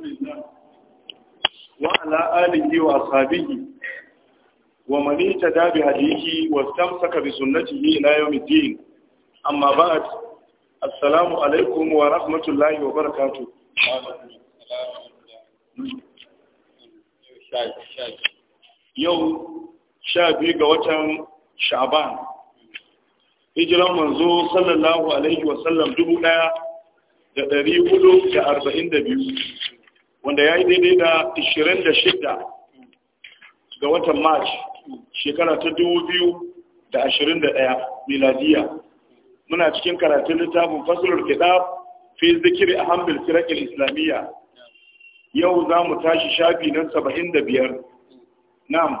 رسول الله وعلى آله وأصحابه ومن اهتدى بهديه واستمسك بسنته إلى يوم الدين أما بعد السلام عليكم ورحمة الله وبركاته yau sha biyu ga watan sha'ban hijiran manzo sallallahu alaihi wasallam dubu daya da dari hudu da arba'in da biyu wanda ya yi daidai da 26 ga watan march shekara ta 2021 miladiya muna cikin karatun littafin fasilar kitab fi zikiri a hambil firakil islamiyya yau za mu tashi shafi nan 75 nam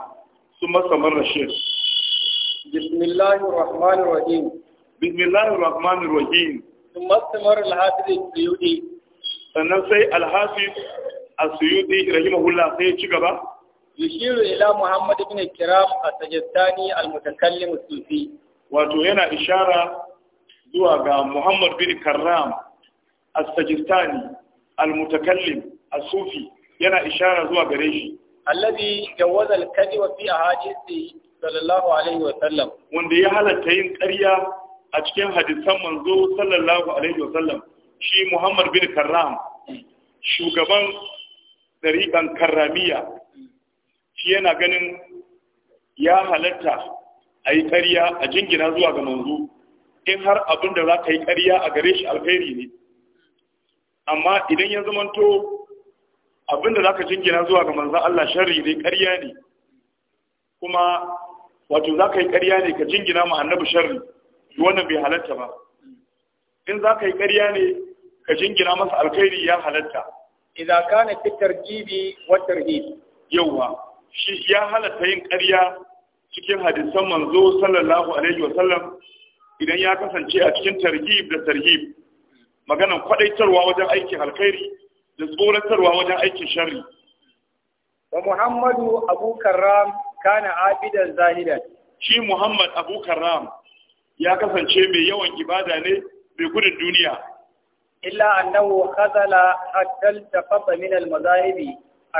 su masamar rashid bismillahir rahmanir rahim bismillahir rahmanir rahim ثم استمر الحافظ sannan sai alhafi. asuyudi rahimahullah sai ya ci gaba yushiru ila muhammad ibn kiram as-sajistani al sufi wato yana ishara zuwa ga muhammad bin karram as-sajistani al sufi yana ishara zuwa gare shi alladhi jawaza al-kadhiba fi ahadithi sallallahu alaihi wa sallam wanda ya halatta yin karya a cikin hadisan manzo sallallahu alaihi wa sallam shi muhammad bin shugaban ɗariƙan karramiya shi yana ganin ya halatta a yi ƙarya a jingina zuwa ga manzo in har abin da za ka yi ƙarya a gare shi alkhairi ne amma idan ya zamanto abin da za ka jingina zuwa ga manzan Allah sharri ne ƙarya ne kuma wato za ka yi ƙarya ne ka jingina ma annabi sharri wannan bai halatta ba in za ka yi ƙarya ne ka jingina masa alkhairi ya halatta ka kana fi tarjibi wa tarhib yawa shi ya halatta yin ƙarya cikin hadisan manzo sallallahu alaihi wa sallam idan ya kasance a cikin tarhib da tarhib maganan kwadaitarwa wajen aikin alkhairi da tsoratarwa wajen aikin sharri wa muhammadu abu karram kana abidan zahidan shi muhammad abu karram ya kasance mai yawan ibada ne mai gudun duniya illa annahu khazala hatta altafata min almazahibi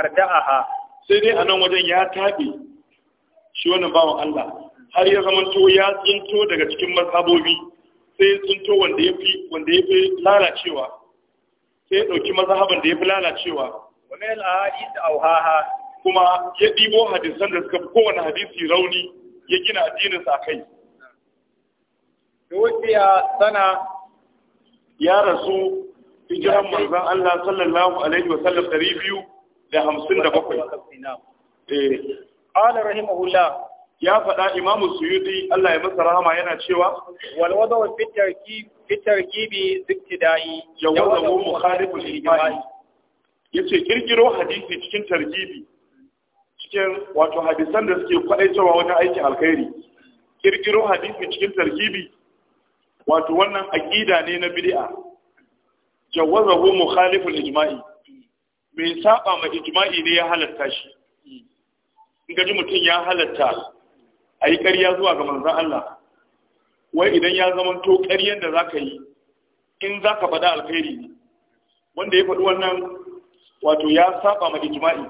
arda'aha sai dai anan wajen ya tabi shi wannan bawan Allah har ya zamanto ya tsinto daga cikin mazhabobi sai ya tsinto wanda yafi wanda lalacewa sai ya dauki mazhaban da yafi lalacewa wa min alahadith awhaha kuma ya ɗibo hadisan da suka fi kowane hadisi rauni ya gina addininsa a kai. Tuwuciya sana ya rasu hijiran manzan Allah sallallahu alaihi wa sallam da eh qala rahimahullah ya faɗa imamu suyuti Allah ya masa rahama yana cewa wal wadaw fi tarkib fi tarkibi ziktidai yawazu mukhalif al ya ce kirkiro hadisi cikin tarjibi cikin wato hadisan da suke cewa wani aiki alkhairi kirkiro hadisi cikin tarjibi wato wannan aqida ne na bid'a jawazahu mukhalif al-ijma'i Me saba ma ijma'i ne ya halatta shi in ga ji mutum ya halatta a yi ƙarya zuwa ga manzon Allah wai idan ya zama to ƙaryan da za ka yi in za ka faɗa alkhairi ne wanda ya faɗi wannan wato ya saba ma ijma'i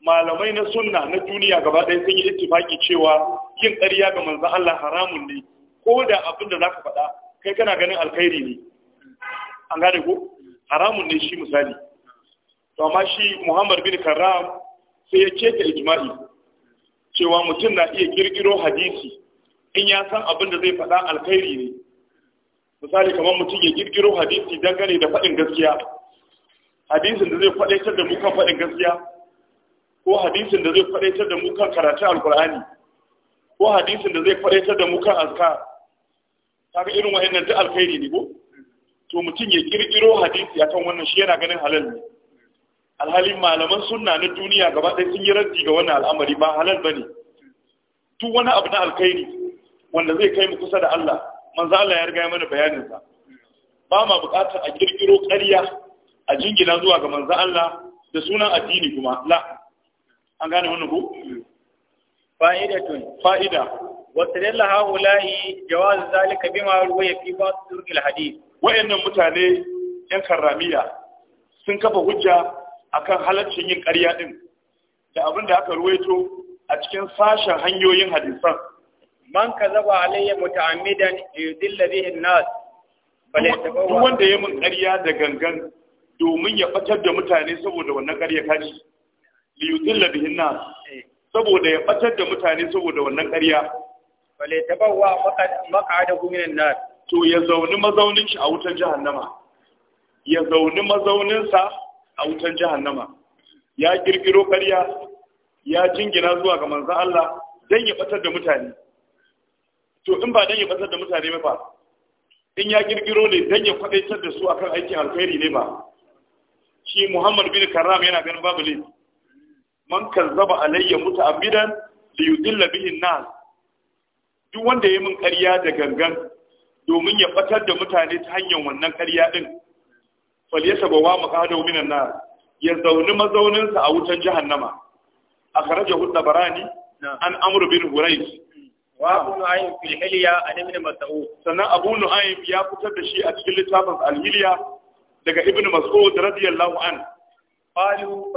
malamai na sunna na duniya gaba ɗaya sun yi ittifaki cewa yin ƙarya ga manzon Allah haramun ne ko da abin da ka faɗa kai kana ganin alkhairi ne an gane ko haramun ne shi misali to amma shi Muhammad bin karam sai ya keta ijma'i cewa mutum na iya kirkiro hadisi in ya san abin da zai faɗa alkhairi ne misali kamar mutum ya kirkiro hadisi dangane da faɗin gaskiya hadisin da zai faɗaitar da mu kan faɗin gaskiya ko hadisin da zai faɗaitar da mu kan karatun alkur'ani ko hadisin da zai faɗaitar da mu kan azkar kaga irin wa'annan ta alkhairi ne ko to mutum ya kirkiro hadisi akan wannan shi yana ganin halal ne alhalin malaman sunna na duniya gaba ɗaya sun yi raddi ga wannan al'amari ba halal ba ne. duk wani abu na alkhairi wanda zai kai mu kusa da Allah manzo Allah ya riga mana bayanin sa ba ma buƙatar a kirkiro ƙarya a jingina zuwa ga manzo Allah da sunan addini kuma la an gane wannan ko to fa'ida واستدل هؤلاء جواز ذلك بما روي في بعض طرق الحديث وإن متاني yan karramiya sun kafa hujja akan halaccin yin ƙarya ɗin, da abin da aka ruwaito a cikin sashen hanyoyin hadisan man ka kazaba alayya muta'ammidan yudilla bihi labihin nas bale duk wanda ya mun ƙarya da gangan domin ya ɓatar da mutane saboda wannan ƙarya kaji li labihin bihi nas saboda ya ɓatar da mutane saboda wannan ƙarya bale tabawwa maq'adahu minan nar to ya zauni mazaunin shi a wutar jahannama ya zauni mazaunin sa a wutar jahannama ya kirkiro kariya ya jingina zuwa ga manzon Allah dan ya batar da mutane to in ba dan ya batar da mutane ba in ya kirkiro ne dan ya kwadaitar da su akan aikin alkhairi ne ba shi Muhammad bin Karam yana ganin babu ne man kazzaba alayya muta'ammidan li yudilla bihi nas duk wanda ya min ƙarya da gangan domin ya fatar da mutane ta hanyar wannan ƙarya din ya saba wa muqadahu minan nar ya zauni mazauninsa a wutan jahannama akhrajahu barani an amru bin hurayth wa abu nu'aym fil hilya an ibn mas'ud sannan abu nu'aym ya fitar da shi a cikin littafin al daga ibn mas'ud radiyallahu anhu qalu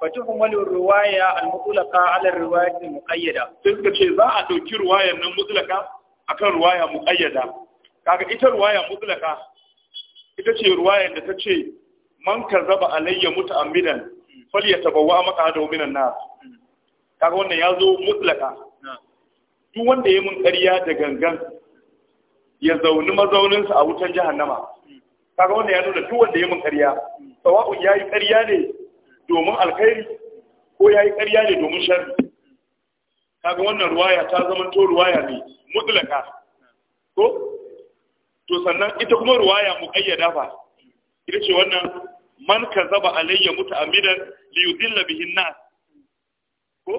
fatuhmalu riwaya al-mutlaqa ala riwayat al-muqayyada sai suka ce za a dauki riwayar nan mutlaka akan riwaya muqayyada kaga ita riwaya mutlaka ita ce riwayar da ta ce man kazzaba alayya muta'ammidan falyatabawwa maq'adahu minan nar kaga wannan ya zo mutlaka duk wanda ya mun ƙarya da gangan ya zauni mazauninsa a wutan jahannama hmm. kaga wanda ya nuna duk wanda ya mun ƙarya sawa'un yayi karya ne domin alkhairi ko ya yi ƙarya ne domin sharri kaga wannan ruwaya ta zama to ruwaya ne mutlaka ko to sannan ita kuma ruwaya muqayyada fa ita ce wannan man kazaba alayya muta'ammidan li yudilla bihi nas ko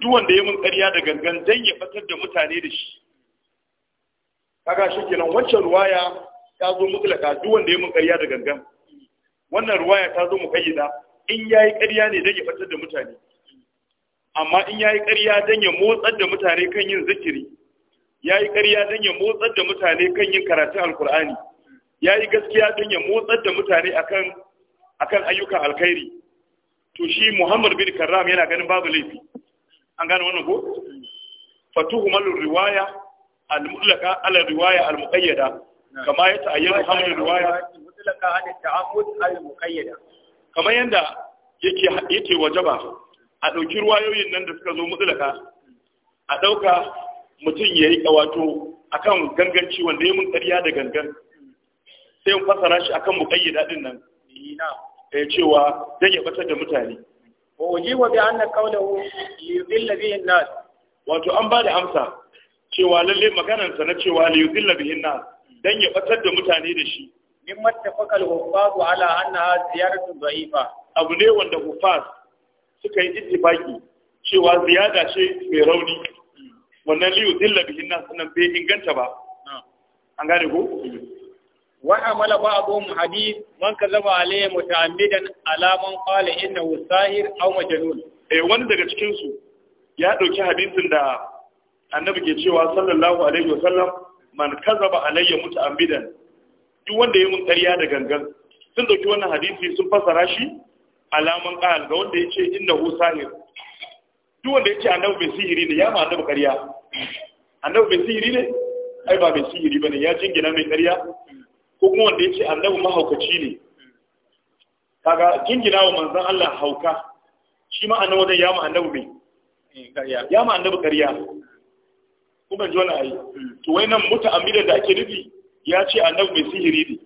duk wanda ya mun ƙarya da gangan dan ya batar da mutane da shi kaga shi kenan wancan ruwaya ta zo mutlaka duk wanda ya mun ƙarya da gangan wannan ruwaya ta zo muqayyada in ya yi ƙarya ne don ya fatar da mutane amma in ya yi ƙarya don ya motsar da mutane kan yin zikiri ya yi ƙarya don ya motsar da mutane kan yin karatun alkur'ani ya yi gaskiya don ya motsar da mutane akan ayyukan alkhairi to shi muhammad bin karram yana ganin babu laifi an gane wannan ko fatuhu malu riwaya al-mutlaqa ala riwaya al-muqayyada kama ya ta'ayyana hamdu riwaya ala al-muqayyada kamar yadda yake yake wajaba a ɗauki ruwayoyin nan da suka zo mutsulaka a ɗauka mutum ya yi ƙawato kan ganganci wanda ya mun ƙarya da gangan sai yin fasara shi akan muƙayyada daɗin nan ya eh, cewa don ya batar da mutane nas wato an ba da amsa cewa lalle maganarsa na cewa li labihin bihi an-nas ya batar da mutane da shi min tafakal huffaz ala annaha ziyaratun da'ifa abu ne wanda huffaz suka yi ittifaki cewa ziyada ce mai rauni wannan liyu dilla bihin nan sunan bai inganta ba an gane ko wa amala ba'dhum hadith man kazaba alayhi muta'ammidan ala man qala innahu sahir aw majnun eh wani daga cikin su ya dauki hadisin da annabi ke cewa sallallahu alaihi wasallam man kazaba alayya muta'ammidan duk wanda ya mun ƙarya da gangan sun dauki wannan hadisi sun fassara shi alaman qal ga wanda ya ce yace innahu sahir duk wanda ya ce annabi bai sihiri ne ya ma annabi ƙarya annabi bai sihiri ne ai ba bai sihiri bane ya jingina mai ƙarya ko kuma wanda ya ce annabi mahaukaci ne kaga jingina wa manzon Allah hauka shi ma annabi wajen ya ma annabi bai eh, ya ma annabi ƙarya kuma ji wani ayi to wai nan muta amida da ake nufi ya ce annabi mai sihiri ne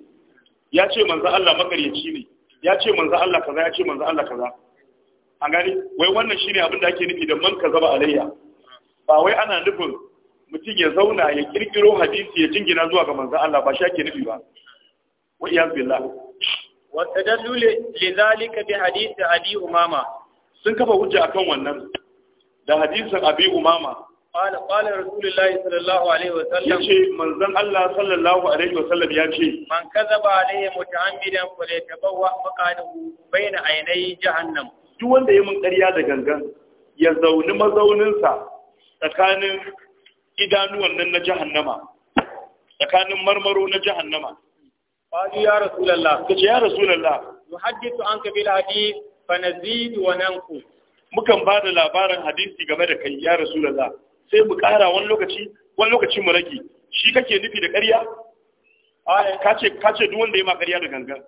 ya ce manzo Allah makaryaci ne ya ce manzo Allah kaza ya ce manzo Allah kaza an gani wai wannan shine abin da ake nufi da man zaba a alayya ba wai ana nufin mutum ya zauna ya kirkiro hadisi ya jingina zuwa ga manzo Allah ba shi ake nufi ba wa iyaz billah wa tadallu li zalika bi hadisi abi umama sun kafa hujja akan wannan da hadisin abi umama قال قال رسول الله صلى الله عليه وسلم يشي منزل الله صلى الله عليه وسلم يشي من كذب عليه متعمدا فليتبوأ مقعده بين عيني جهنم duk wanda ya mun ƙarya da gangan ya zauni mazauninsa tsakanin idanuwan nan na jahannama tsakanin marmaro na jahannama Fadu ya ka ce ya rasulullah yuhaddithu anka bil hadith fa nazid wa nanqus mukan ba da labarin hadisi game da kai ya rasulallah sai mu ƙara wani lokaci wani lokaci mu rage shi kake nufi da ƙarya aya ka ce ka ce duk wanda ya ma ƙarya da gangan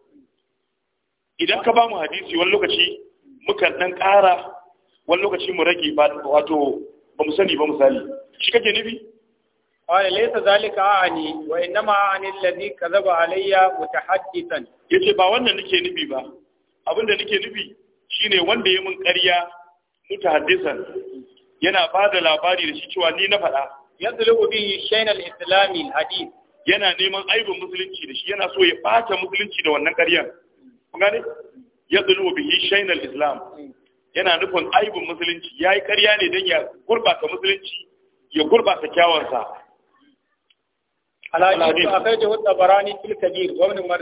idan ka ba mu hadisi wani lokaci muka dan ƙara wani lokaci mu rage ba wato ba mu sani ba misali shi kake nufi aya laysa zalika ani wa innama ani alladhi kadhaba alayya mutahaddithan yace ba wannan nake nufi ba abinda nake nufi shine wanda ya mun ƙarya mutahaddisan yana ba da labari da shi cewa ni na faɗa yadlubu bihi yi al-islami hadith yana neman aibin musulunci da shi yana so ya ɓata musulunci da wannan ƙarya kun gane yadlubu bihi shayn al-islam yana nufin aibin musulunci yayi ƙarya ne dan ya gurbata musulunci ya gurbata kyawansa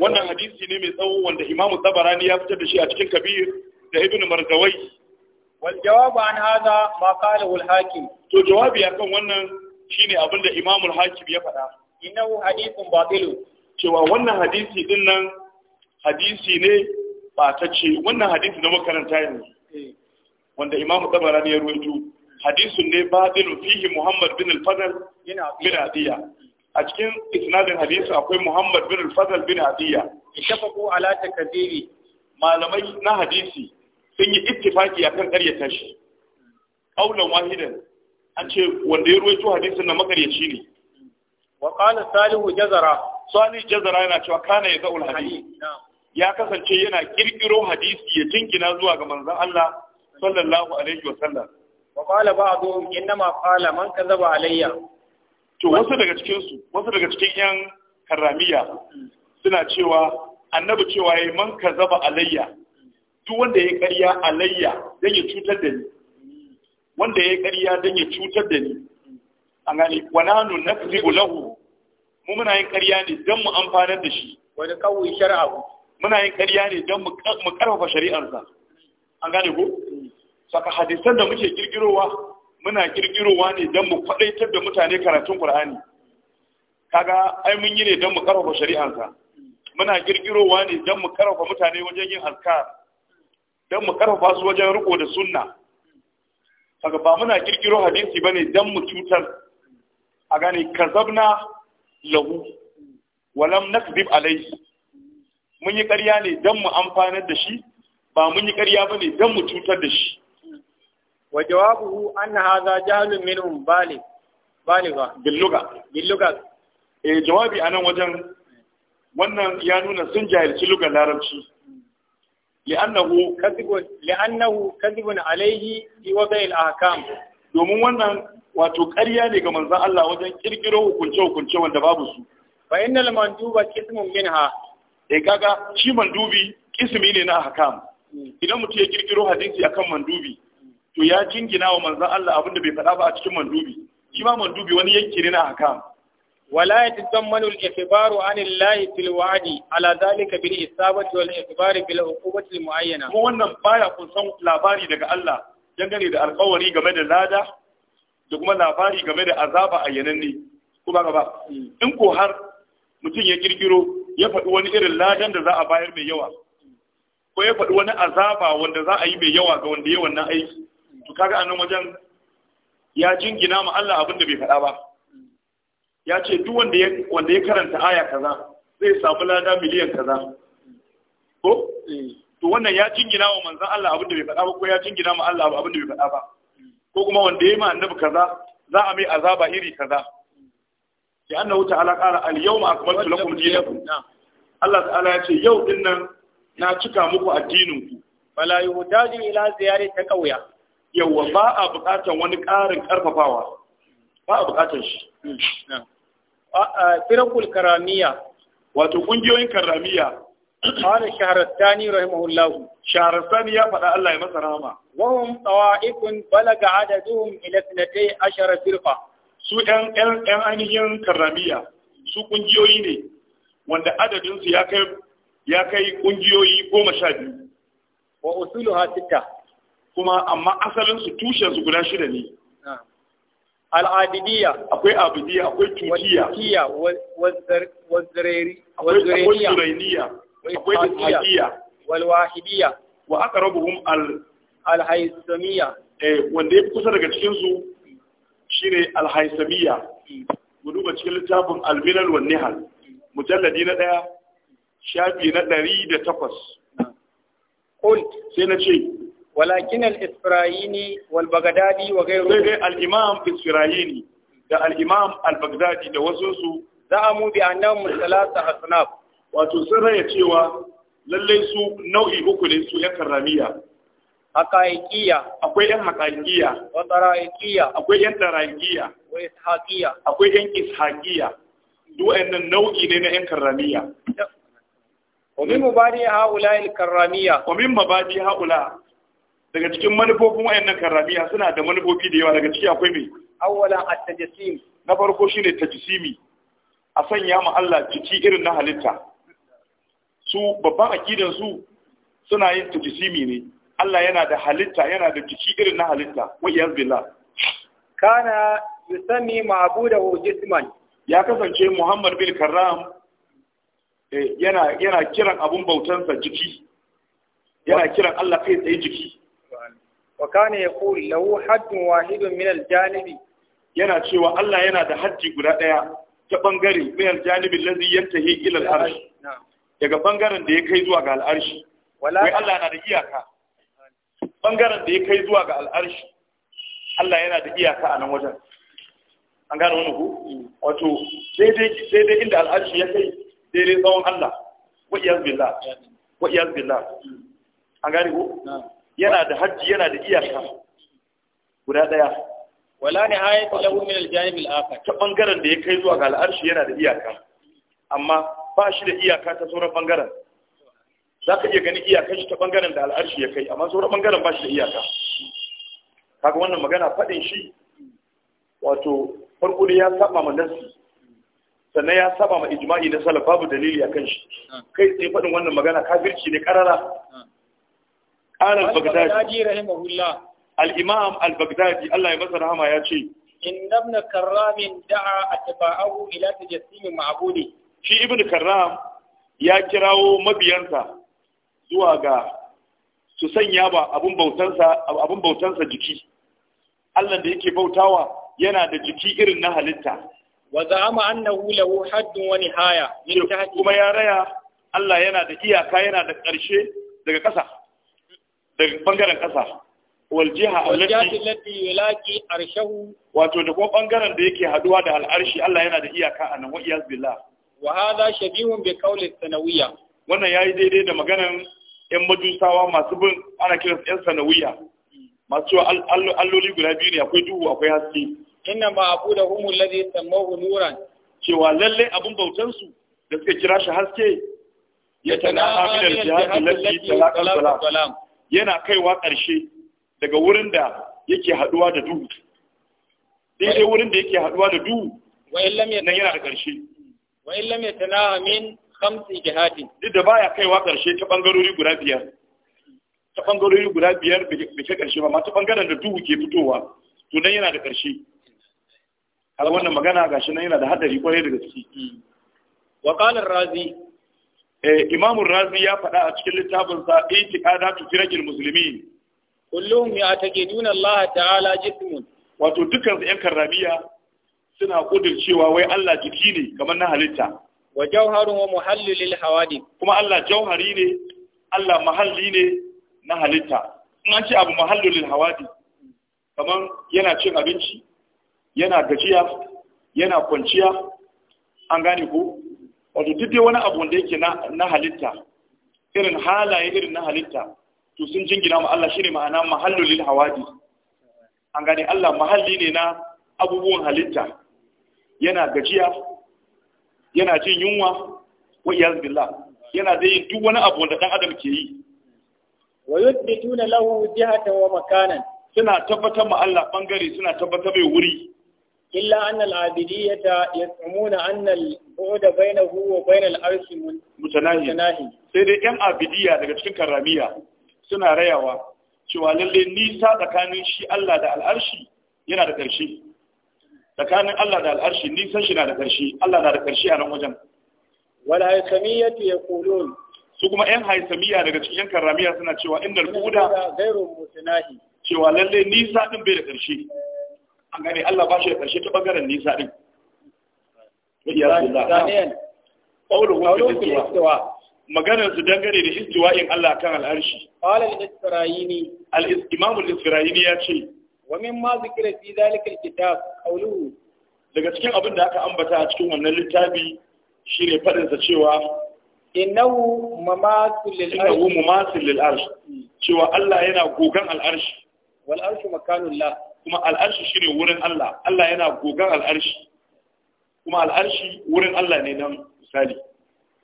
wannan hadisi ne mai tsawo wanda imamu tabarani ya fitar da shi a cikin kabir da ibn marzawai wal jawabu an hadha ma qalahu al hakim to jawabi akan wannan shine abinda imam al hakim ya faɗa innahu hadithun batil cewa wannan hadisi din nan hadisi ne batacce wannan hadisi da makaranta yanzu eh. wanda imam tabarani ya ruwaito hadisun ne batil fihi muhammad bin al fadl bin adiya a cikin isnadin hadisi akwai muhammad bin al fadl bin adiya ittafaqu ala takdiri malamai na hadisi sun yi ittifaki kan karyata shi aulan wahidan an ce wanda ya ruwaito hadisin na makaryaci ne wa qala salihu jazara sani jazara yana cewa kana ya zaul hadisi ya kasance yana kirkiro hadisi ya tinkina zuwa ga manzon Allah sallallahu alaihi wa sallam wa qala ba'dhum innama qala man kadhaba alayya to wasu daga cikin su wasu daga cikin yan karamiya suna cewa annabi cewa yayi man kadhaba alayya duk wanda ya ƙarya alayya don ya cutar da ni wanda ya ƙarya don ya cutar da ni an gane wananu fi lahu mu muna yin ƙarya ne don mu amfanar da shi wani kawai shari'a muna yin ƙarya ne don mu ƙarfafa shari'arsa an gane ku. saka hadisan da muke ƙirƙirowa muna ƙirƙirowa ne don mu faɗaitar da mutane karatun qur'ani kaga ai mun yi ne don mu ƙarfafa shari'arsa muna ƙirƙirowa ne don mu ƙarfafa mutane wajen yin alkar don mu karfafa su wajen riko da sunna kaga ba muna kirkiro hadisi bane don mu cutar a gane kazabna lahu walam nakzib alai. mun yi ƙarya ne don mu amfanar da shi ba mun yi ƙarya ba ne don mu cutar da shi wa jawabuhu anna hadha jahlun minhum baligh baligha billuga billuga eh jawabi anan wajen wannan ya nuna sun jahilci lugar larabci li'annahu كذب li'annahu kadhibun alayhi fi domin wannan wato ƙarya ne ga manzon Allah wajen kirkiro hukunce hukunce wanda babu su fa innal manduba qismun minha E kaga shi mandubi Kismi ne na Hakam. idan mutum ya kirkiro hadisi akan mandubi to ya jingina wa manzon Allah abinda bai faɗa ba a cikin mandubi shi ma mandubi wani yanki ne na ahkam ولا يتضمن الإخبار عن الله في الوعد على ذلك بالإصابة والإخبار بالعقوبة المعينة مو wannan baya kunsan labari daga Allah dangane da alƙawari game da lada da kuma labari game da azaba a yananne kuma gaba in ko har mutum ya kirkiro ya faɗi wani irin ladan da za a bayar mai yawa ko ya faɗi wani azaba wanda za a yi mai yawa ga wanda ya wannan aiki to kaga a nan wajen ya jingina ma Allah abin da bai faɗa ba ya ce duk wanda ya wanda ya karanta aya kaza zai samu lada miliyan kaza ko eh. to wannan ya jingina wa manzon Allah abin da bai faɗa ba ko ya jingina ma Allah abin da bai faɗa ba ko kuma wanda ya ma annabi kaza za a mai azaba iri kaza ya annahu ta'ala qala al-yawma akmaltu lakum dinakum Allah ta'ala ya ce yau din nan na cika muku addinin ku fala yuhtaju ila ziyarati ta kauya yawa ba a buƙatar wani ƙarin ƙarfafawa ba a buƙatar shi hmm, firakul karamiya wato kungiyoyin karamiya قال الشهرستاني رحمه ya شهرستاني يا فدا الله يمسى رحمه وهم طوائف بلغ عددهم الى 12 firfa. su ɗan ainihin karamiya su ƙungiyoyi ne wanda adadinsu ya kai ya kai ƙungiyoyi goma sha biyu wa usulu ha sita kuma amma asalinsu tushensu guda shida ne Al'adidiya. akwai abidiyya akwai tutiya tutiya wazzareri wazzureniya akwai tutiya Walwahidiya. wa aka aqrabuhum al alhaisamiya eh, Wanda ya fi kusa daga cikinsu su shine alhaisamiya mu duba cikin littafin alminal wan nihal mujalladi na ɗaya, shafi na ɗari 108 qul sai na ce walakin al-Isra'ini wal Baghdadi wa ghayru sai dai al-Imam Isra'ini da al-Imam al-Baghdadi da wasu su za'amu bi annahum thalatha asnaf wato sun raya cewa lallai su nau'i uku ne su yan karramiya haqaiqiyya akwai yan haqaiqiyya akwai yan wa akwai yan duk nau'i ne na ومن مبادئ هؤلاء الكرامية ومن مبادئ هؤلاء daga cikin manufofin wayannan karramiya suna da manufofi da yawa daga ciki akwai mai awwalan at-tajsim na farko shine tajsimi a sanya ma Allah jiki irin na halitta su babban akidan su suna yin tajsimi ne Allah yana da halitta yana da jiki irin na halitta wa iyaz billah kana yusammi ma'budahu jisman ya kasance Muhammad bin Karram eh, yana yana kiran abun bautansa jiki yana kiran Allah kai tsaye jiki wa kana yaqul lahu haddun wahidun min al-janibi yana cewa Allah yana da hajji guda daya ta bangare min al-janibi allazi yantahi ila al-arsh daga bangaren da ya kai zuwa ga al wai Allah yana da iyaka bangaren da ya kai zuwa ga al Allah yana da iyaka a nan wajen an gane wani ku wato daidai inda al'arshi ya kai daidai tsawon Allah wa iyaz billah wa iyaz billah an gane ku yana da hajji yana da iyaka guda daya wala ne a lahu min al-janib al-akhar ta bangaren da ya kai zuwa ga al'arshi yana da iyaka amma ba shi da iyaka ta sauran bangaren zaka iya gani iyakar shi ta bangaren da al'arshi ya kai amma sauran bangaren ba shi da iyaka kaga wannan magana fadin shi wato farko ne ya saba ma nasi sannan ya saba ma ijma'i na salaf babu dalili akan shi ah. kai tsaye fadin wannan magana kafirci ne karara ah. قال البغدادي رحمه الله الإمام البغدادي الله يمسه رحمه يا شيخ إن ابن كرام دعا أتباعه إلى تجسيم معبوده shi ibn karram ya kirawo mabiyansa zuwa ga su sanya ba abin bautansa abin bautansa jiki Allah da yake bautawa yana da jiki irin na halitta wa za'ama annahu lahu haddun wa nihaya min kuma ya raya Allah yana da iyaka yana da ƙarshe daga ƙasa daga bangaren ƙasa wal jiha allati yulaqi arshahu wato da kuma bangaren da yake haduwa da al'arshi Allah yana da iyaka anan wa iyaz billah wa hadha shabihun bi qawli sanawiyya wannan yayi daidai da maganan yan majusawa masu bin ana kiransu yan sanawiyya masu alloli guda biyu ne akwai duhu akwai haske inna ma abudahum alladhi sammahu nuran cewa lalle abun bautan su da suka kira shi haske ya tana aminar jihadi lati talaqal salam yana kaiwa ƙarshe daga wurin da yake haduwa da duhu daidai wurin da yake haduwa da duhu nan yana da ƙarshe wa illam yatanaha min khamsi jihadi. duk da baya kaiwa ƙarshe ta bangarori guda biyar ta bangarori guda biyar bai kai ƙarshe ba ma ta bangaren da duhu ke fitowa to nan yana da ƙarshe har wannan magana gashi nan yana da haddari kwarai da gaske wa qala razi Eh, imamun razi ya faɗa a cikin littafin littafinsa itiqadatu firaqil musulmi. kullum ya taqiduna Allah ta'ala jismun wato dukkan su ƴan karramiya suna cewa wai Allah jiki ne kamar na halitta wa jawharun wa muhallilil hawadi kuma Allah jawhari ne Allah mahalli ne na halitta in an ce abu muhallilil hawadi kamar yana cin abinci yana gajiya yana kwanciya an gane ko wato duk dai wani abu wanda yake na halitta irin halaye irin na halitta to sun jingina ma Allah shine ma'ana mahallul lil hawadi an gane Allah mahalli ne na abubuwan halitta yana gajiya yana jin yunwa wa iyaz billah yana da yin duk wani abu wanda dan adam ke yi wa yuthbituna lahu jihatan wa makanan suna tabbatar ma Allah bangare suna tabbatar mai wuri إلا أن العابدية يزعمون أن البعد بينه وبين العرش متناهي سيدي كم عابدية daga cikin karamiya suna rayawa cewa lalle nisa tsakanin shi Allah da al'arshi yana da ƙarshe tsakanin Allah da al'arshi nisan shi na da ƙarshe Allah na da ƙarshe a nan wajen wal haysamiyatu yaqulun su kuma yan haisamiya daga cikin yan karamiya suna cewa innal cewa nisa din bai da ƙarshe an gane Allah ba shi da karshe ta bangaren nisa din maganar su dangane da istiwa'in Allah kan al'arshi qala al-isra'ini israini ya ce wa mimma zikra fi dhalika al-kitab daga cikin abin da aka ambata a cikin wannan littafi shi ne sa cewa innahu mamasul lil innahu mamasul cewa Allah yana gogan al'arshi. wal arshu kuma al'arshi shine wurin Allah Allah yana gogan al'arshi kuma al'arshi wurin Allah ne nan misali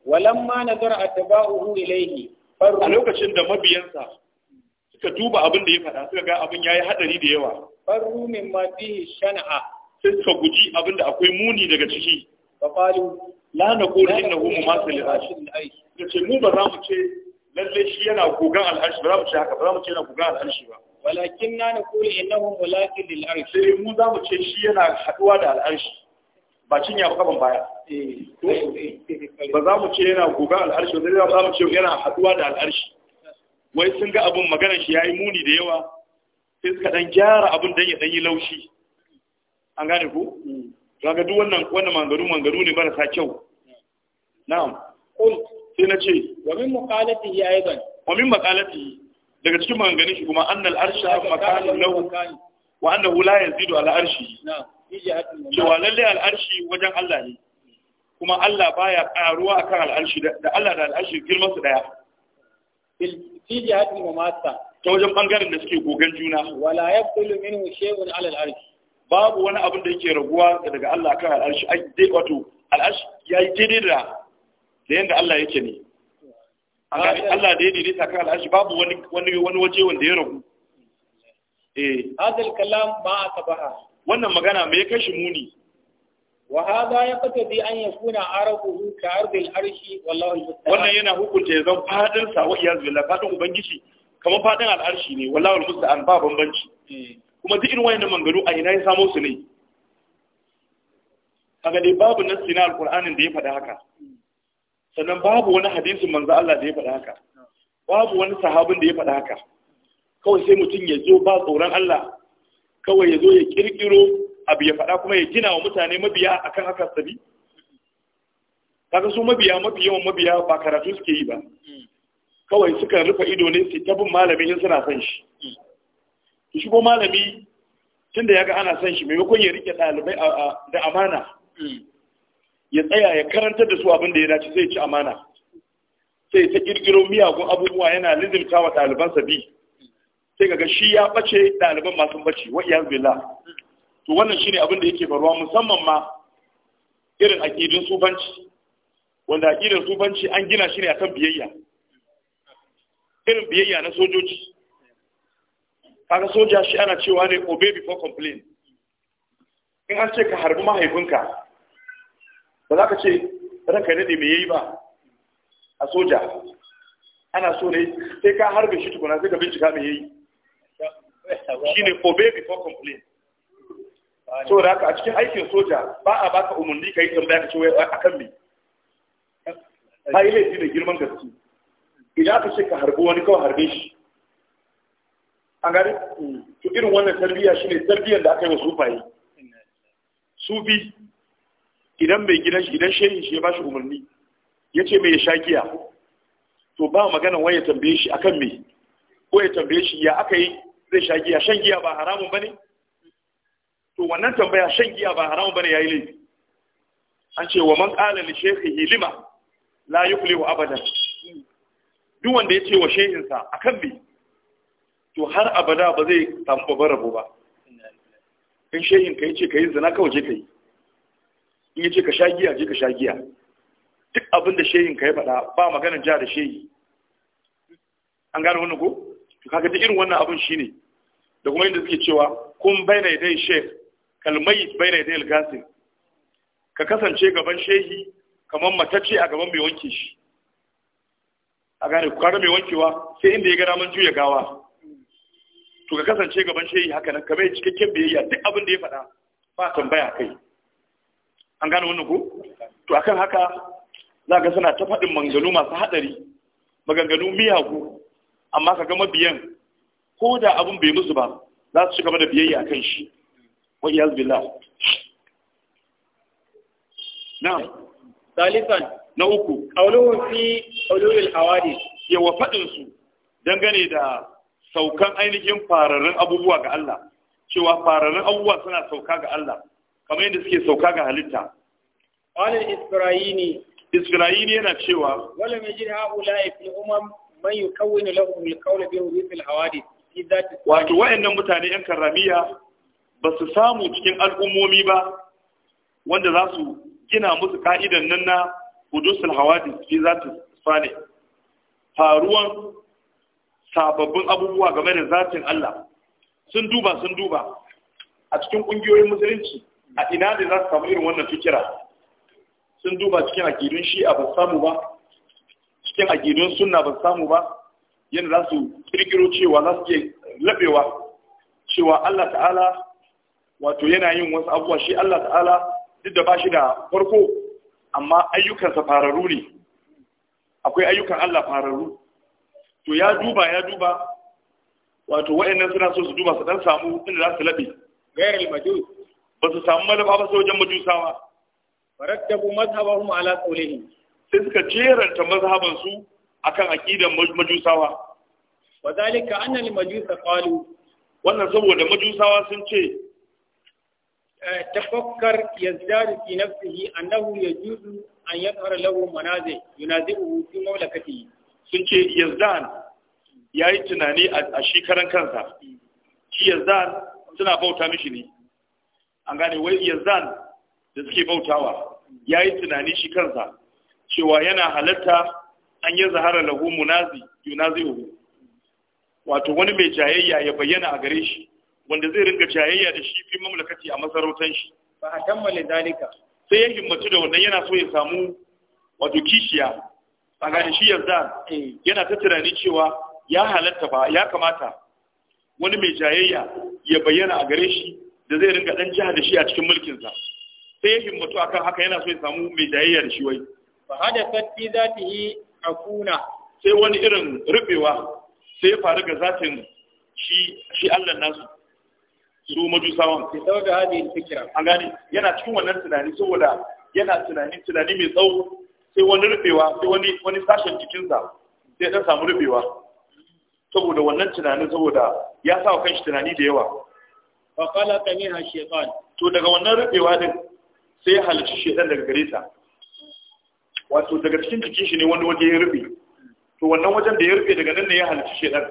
walamma nazara atba'uhu ilayhi a lokacin da mabiyansa suka duba abin da ya faɗa suka ga abin yayi hadari da yawa farru min ma fihi shan'a sai suka guji abin da akwai muni daga ciki fa qalu la naqulu innahu mumasil al-arshi ce mu ba za mu ce lalle shi yana gogan al'arshi ba za mu ce haka ba za mu ce yana gogan al'arshi ba walakin na na kula innahum walakin lil arsh sai mu za mu ce shi yana haduwa da al'arshi ba cinya ba kaban baya ba za mu ce yana goga al'arshi ba za mu ce yana haduwa da al'arshi wai sun ga abin magana shi yayi muni da yawa sai suka dan gyara abin dan ya dan yi laushi an gane ku Ragadu, duk wannan wannan mangaru mangaru ne marasa kyau na'am qul sai na ce wa min maqalatihi aidan wa min maqalatihi daga cikin maganganun shi kuma annal arsha makanun lahu wa annahu la yazidu ala arshi cewa lalle al arshi wajen Allah ne kuma Allah baya karuwa akan al arshi da Allah da al arshi girman su daya fi jihatil mumassa ta wajen bangaren da suke gogan juna wala yaqulu minhu shay'un ala al arshi babu wani abin da yake raguwa daga Allah akan al arshi ai dai wato al arshi yayi daidai da da yanda Allah yake ne an Allah da ya daidaita kan al'arshi babu wani wani wani waje wanda ya ragu eh hadal kalam ma akabaha wannan magana me ya kashi muni wa hada ya qatadi an yakuna arabuhu ka ardil arshi wallahu almusta'an wannan yana hukunta ya zan fadin sa wa iyaz billah fadin ubangiji kamar fadin al'arshi ne wallahu almusta'an ba bambanci eh. kuma duk irin wayannan mangaru a ina ya samo su ne kaga dai babu nan na alqur'anin da ya faɗa haka sannan babu wani hadisin manzo Allah da ya faɗa haka babu wani sahabin da ya faɗa haka kawai sai mutum ya zo ba tsoron Allah kawai ya zo ya kirkiro abu ya faɗa kuma ya gina wa mutane mabiya akan haka sabi kaga su mabiya mafi yawan mabiya ba karatu suke yi ba kawai suka rufe ido ne su ta bin malami in suna son shi ki shigo malami tunda ga ana son shi maimakon ya rike ɗalibai da amana hmm. ya tsaya ya karantar da su abin da ya dace sai ya ci amana sai ta kirkiro miyagun abubuwa yana lizimta wa ɗalibansa bi sai kaga shi ya ɓace ɗaliban masu ɓace wa iya billah to wannan shine abin da yake faruwa musamman ma irin aƙidin sufanci wanda aƙidin sufanci an gina shi ne akan biyayya irin biyayya na sojoji kaga soja shi ana cewa ne obey before complain in an ce ka harbi mahaifinka ba za ka ce ranka daɗe mai yayi ba a soja ana so ne sai ka harbe shi tukuna sai ka bincika mai yayi shi ne obey before complain so da haka a cikin aikin soja ba a baka umarni ka yi tambaya ka ce wai a kan me Ba yi laifi ne girman gaske idan aka ce ka harbi wani kawai harbe shi an gari to irin wannan tarbiyya shine tarbiyyar da aka yi wa sufaye sufi idan mai gidan shi idan shehin shi ya bashi umarni ya ce mai ya sha giya to ba magana wai ya tambaye shi akan me ko ya tambaye shi ya aka yi zai sha giya shan giya ba haramun bane to wannan tambaya shan giya ba haramun bane yayi laifi an ce wa man qala li shaykhihi lima la yuflihu abadan duk wanda ya ce wa shehinsa akan me to har abada ba zai samu babban rabo ba in shehin ka ce kai zina kawai je kai in yace ka sha giya je ka sha giya duk abin da shehin ka ya faɗa ba maganar ja da shehi an gane wannan ko to kaga duk irin wannan abin shine da kuma inda suke cewa kun bayyana dai sheikh kalmai baina dai algasin ka kasance gaban shehi kamar matacce a gaban mai wanke shi a gane ku kare mai wankewa sai inda ya ga daman juya gawa to ka kasance gaban shehi haka nan kamar cikakken biyayya duk abin da ya faɗa ba tambaya kai an gane wannan ko to akan haka za ga suna ta faɗin manganu masu haɗari maganganu miyagu amma ka gama biyan, ko da abin bai musu ba za su ci gaba da biyayya a kan shi wani yanzu billah Na salisan na uku ƙaunuhun fi ƙaunuhun hawadith yawa faɗin su dangane da saukan ainihin fararen abubuwa ga Allah cewa fararen abubuwa suna sauka ga Allah kamar yadda suke sauka ga halitta qala isra'ini isra'ini yana cewa wala yajid haula'i fil umam man yukawwinu lahum al-qawla bihi rufin hawadith wato wayannan mutane yan karamiya ba su samu cikin al'ummomi ba wanda za su gina musu ka'idan nan na hudusul hawadis fi zati sani. faruwan sababbin abubuwa game da zatin Allah sun duba sun duba a cikin ƙungiyoyin musulunci a ina ne za su samu irin wannan fikira sun duba cikin shi a ba samu ba cikin agidun sunna ba samu ba yadda za su kirkiro cewa za su iya labewa cewa Allah ta'ala wato yana yin wasu abuwa shi Allah ta'ala duk da ba shi da farko amma ayyukansa fararu ne akwai ayyukan Allah fararu. to ya duba ya duba wato wa'annan suna so su duba su dan samu inda za su labe gairar majus ba su samu malaba ba sai wajen majusawa farattabu mazhabahum ala qawlihi sai suka jeranta mazhaban su akan aqidan majusawa wa anna lil majusa qalu wannan saboda majusawa sun ce eh, tafakkar yazdaru fi nafsihi annahu yajuzu an yadhhara lahu manazi yunazihu fi mawlakatihi sun ce yazdan yayi tunani a shi karan kansa shi yazdan suna bauta mishi ne an gane wai yanzan da suke bautawa ya yi tunani shi kansa cewa yana halatta an yi zahara lahu munazi yunazi uhu wato wani mai jayayya ya bayyana a gare shi wanda zai ringa jayayya da shi fi mamlakati a masarautar shi ba a kammala dalika sai ya himmatu da wannan yana so ya samu wato kishiya a gane shi yarda eh. yana ta tunani cewa ya halatta ba ya kamata wani mai jayayya ya bayyana a gare shi da zai rinka dan jiha da shi a cikin mulkinsa sai ya himmatu akan haka yana so ya samu mai jayayya da shi wai fa hadathat fi zatihi akuna sai wani irin rubewa sai ya faru ga zatin shi shi Allah nasu su majusawan sai saboda hadin fikira an gane yana cikin wannan tunani saboda yana tunani tunani mai tsawo sai wani rubewa sai wani wani sashen jikinsa sai ya dan samu rubewa saboda wannan tunanin saboda ya sa wa kanshi tunani da yawa fa khalaqa minha shaytan to daga wannan rufewa din sai ya halicci shaytan daga gare ta wato daga cikin jikin shi ne wani waje ya rufe to wannan wajen da ya rufe daga nan ne ya halicci shaytan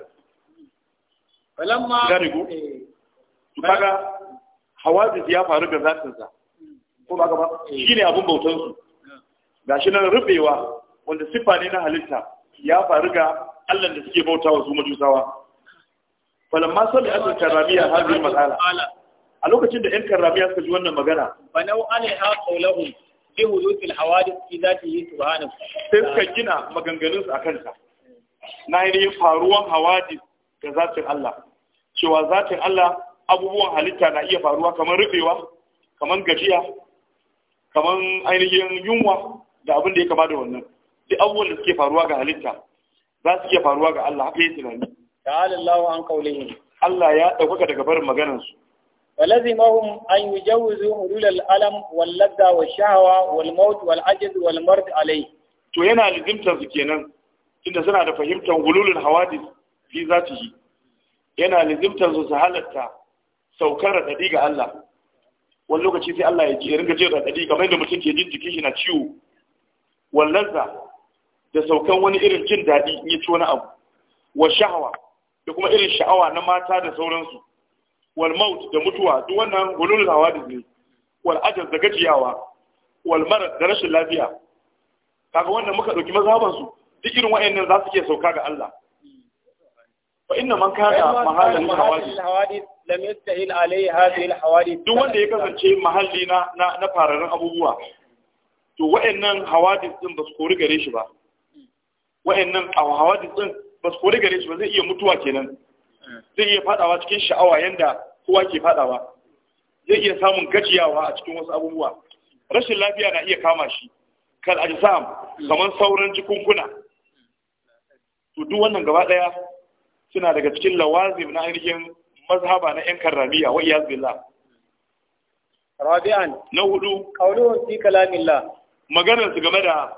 garigo eh. to kaga hawadis ya faru ga zatin sa ko ba gaba? Eh. Shi ne abin bautan su shi nan rufewa wanda siffa ne na halitta ya faru ga allan da suke bautawa su majusawa falamma sami atul karamiya hadhihi al-mas'ala a lokacin da 'yan karamiya suka ji wannan magana banau alaiha qawluhum bi huduth al-hawadith fi dhatihi subhanahu sai suka gina maganganun su akan ta na yin faruwan hawadith ga zatin Allah cewa zatin Allah abubuwan halitta na iya faruwa kamar rubewa kamar gajiya kamar ainihin yunwa da abin da ya kama da wannan duk abubuwan da suke faruwa ga halitta za su iya faruwa ga Allah haka yi tunani ta'ala Allah an qawlihi Allah ya dauka daga barin maganar su ولزمهم أن يجوزوا حلول الألم واللذة والشهوة والموت والعجز والمرض عليه to yana lizimtar su kenan inda suna da fahimtar gululul hawadis fi zatihi yana lizimtar su su halatta saukar da ga Allah wani lokaci sai Allah ya ji ringa jin da dadi kamar yadda mutum ke jin jikin shi na ciwo wallazza da saukan wani irin jin daɗi in ya ci wani abu wa shahwa da kuma irin sha'awa na mata da sauransu wal maut da mutuwa duk wannan gulul hawadis ne wal ajal da gajiyawa wal marad da rashin lafiya kaga wannan muka dauki mazhaban su duk irin wayannan za su ke sauka ga Allah fa inna man kana mahallan hawadis lam yastahil alayhi hadhihi al hawadis duk wanda ya kasance mahalli na na fararen abubuwa to wayannan hawadis din ba su kori gare shi ba wayannan hawadis din ba su kori gare shi ba zai iya mutuwa kenan zai iya fadawa cikin sha'awa yanda kowa ke fadawa zai iya samun gajiyawa a cikin wasu abubuwa rashin lafiya na iya kama shi kal ajsam kamar sauran jikunkuna to duk wannan gaba daya suna daga cikin lawazim na ainihin mazhaba na yan karramiya wa iyaz billah rabi'an na hudu qawluhu fi kalamillah maganar su game da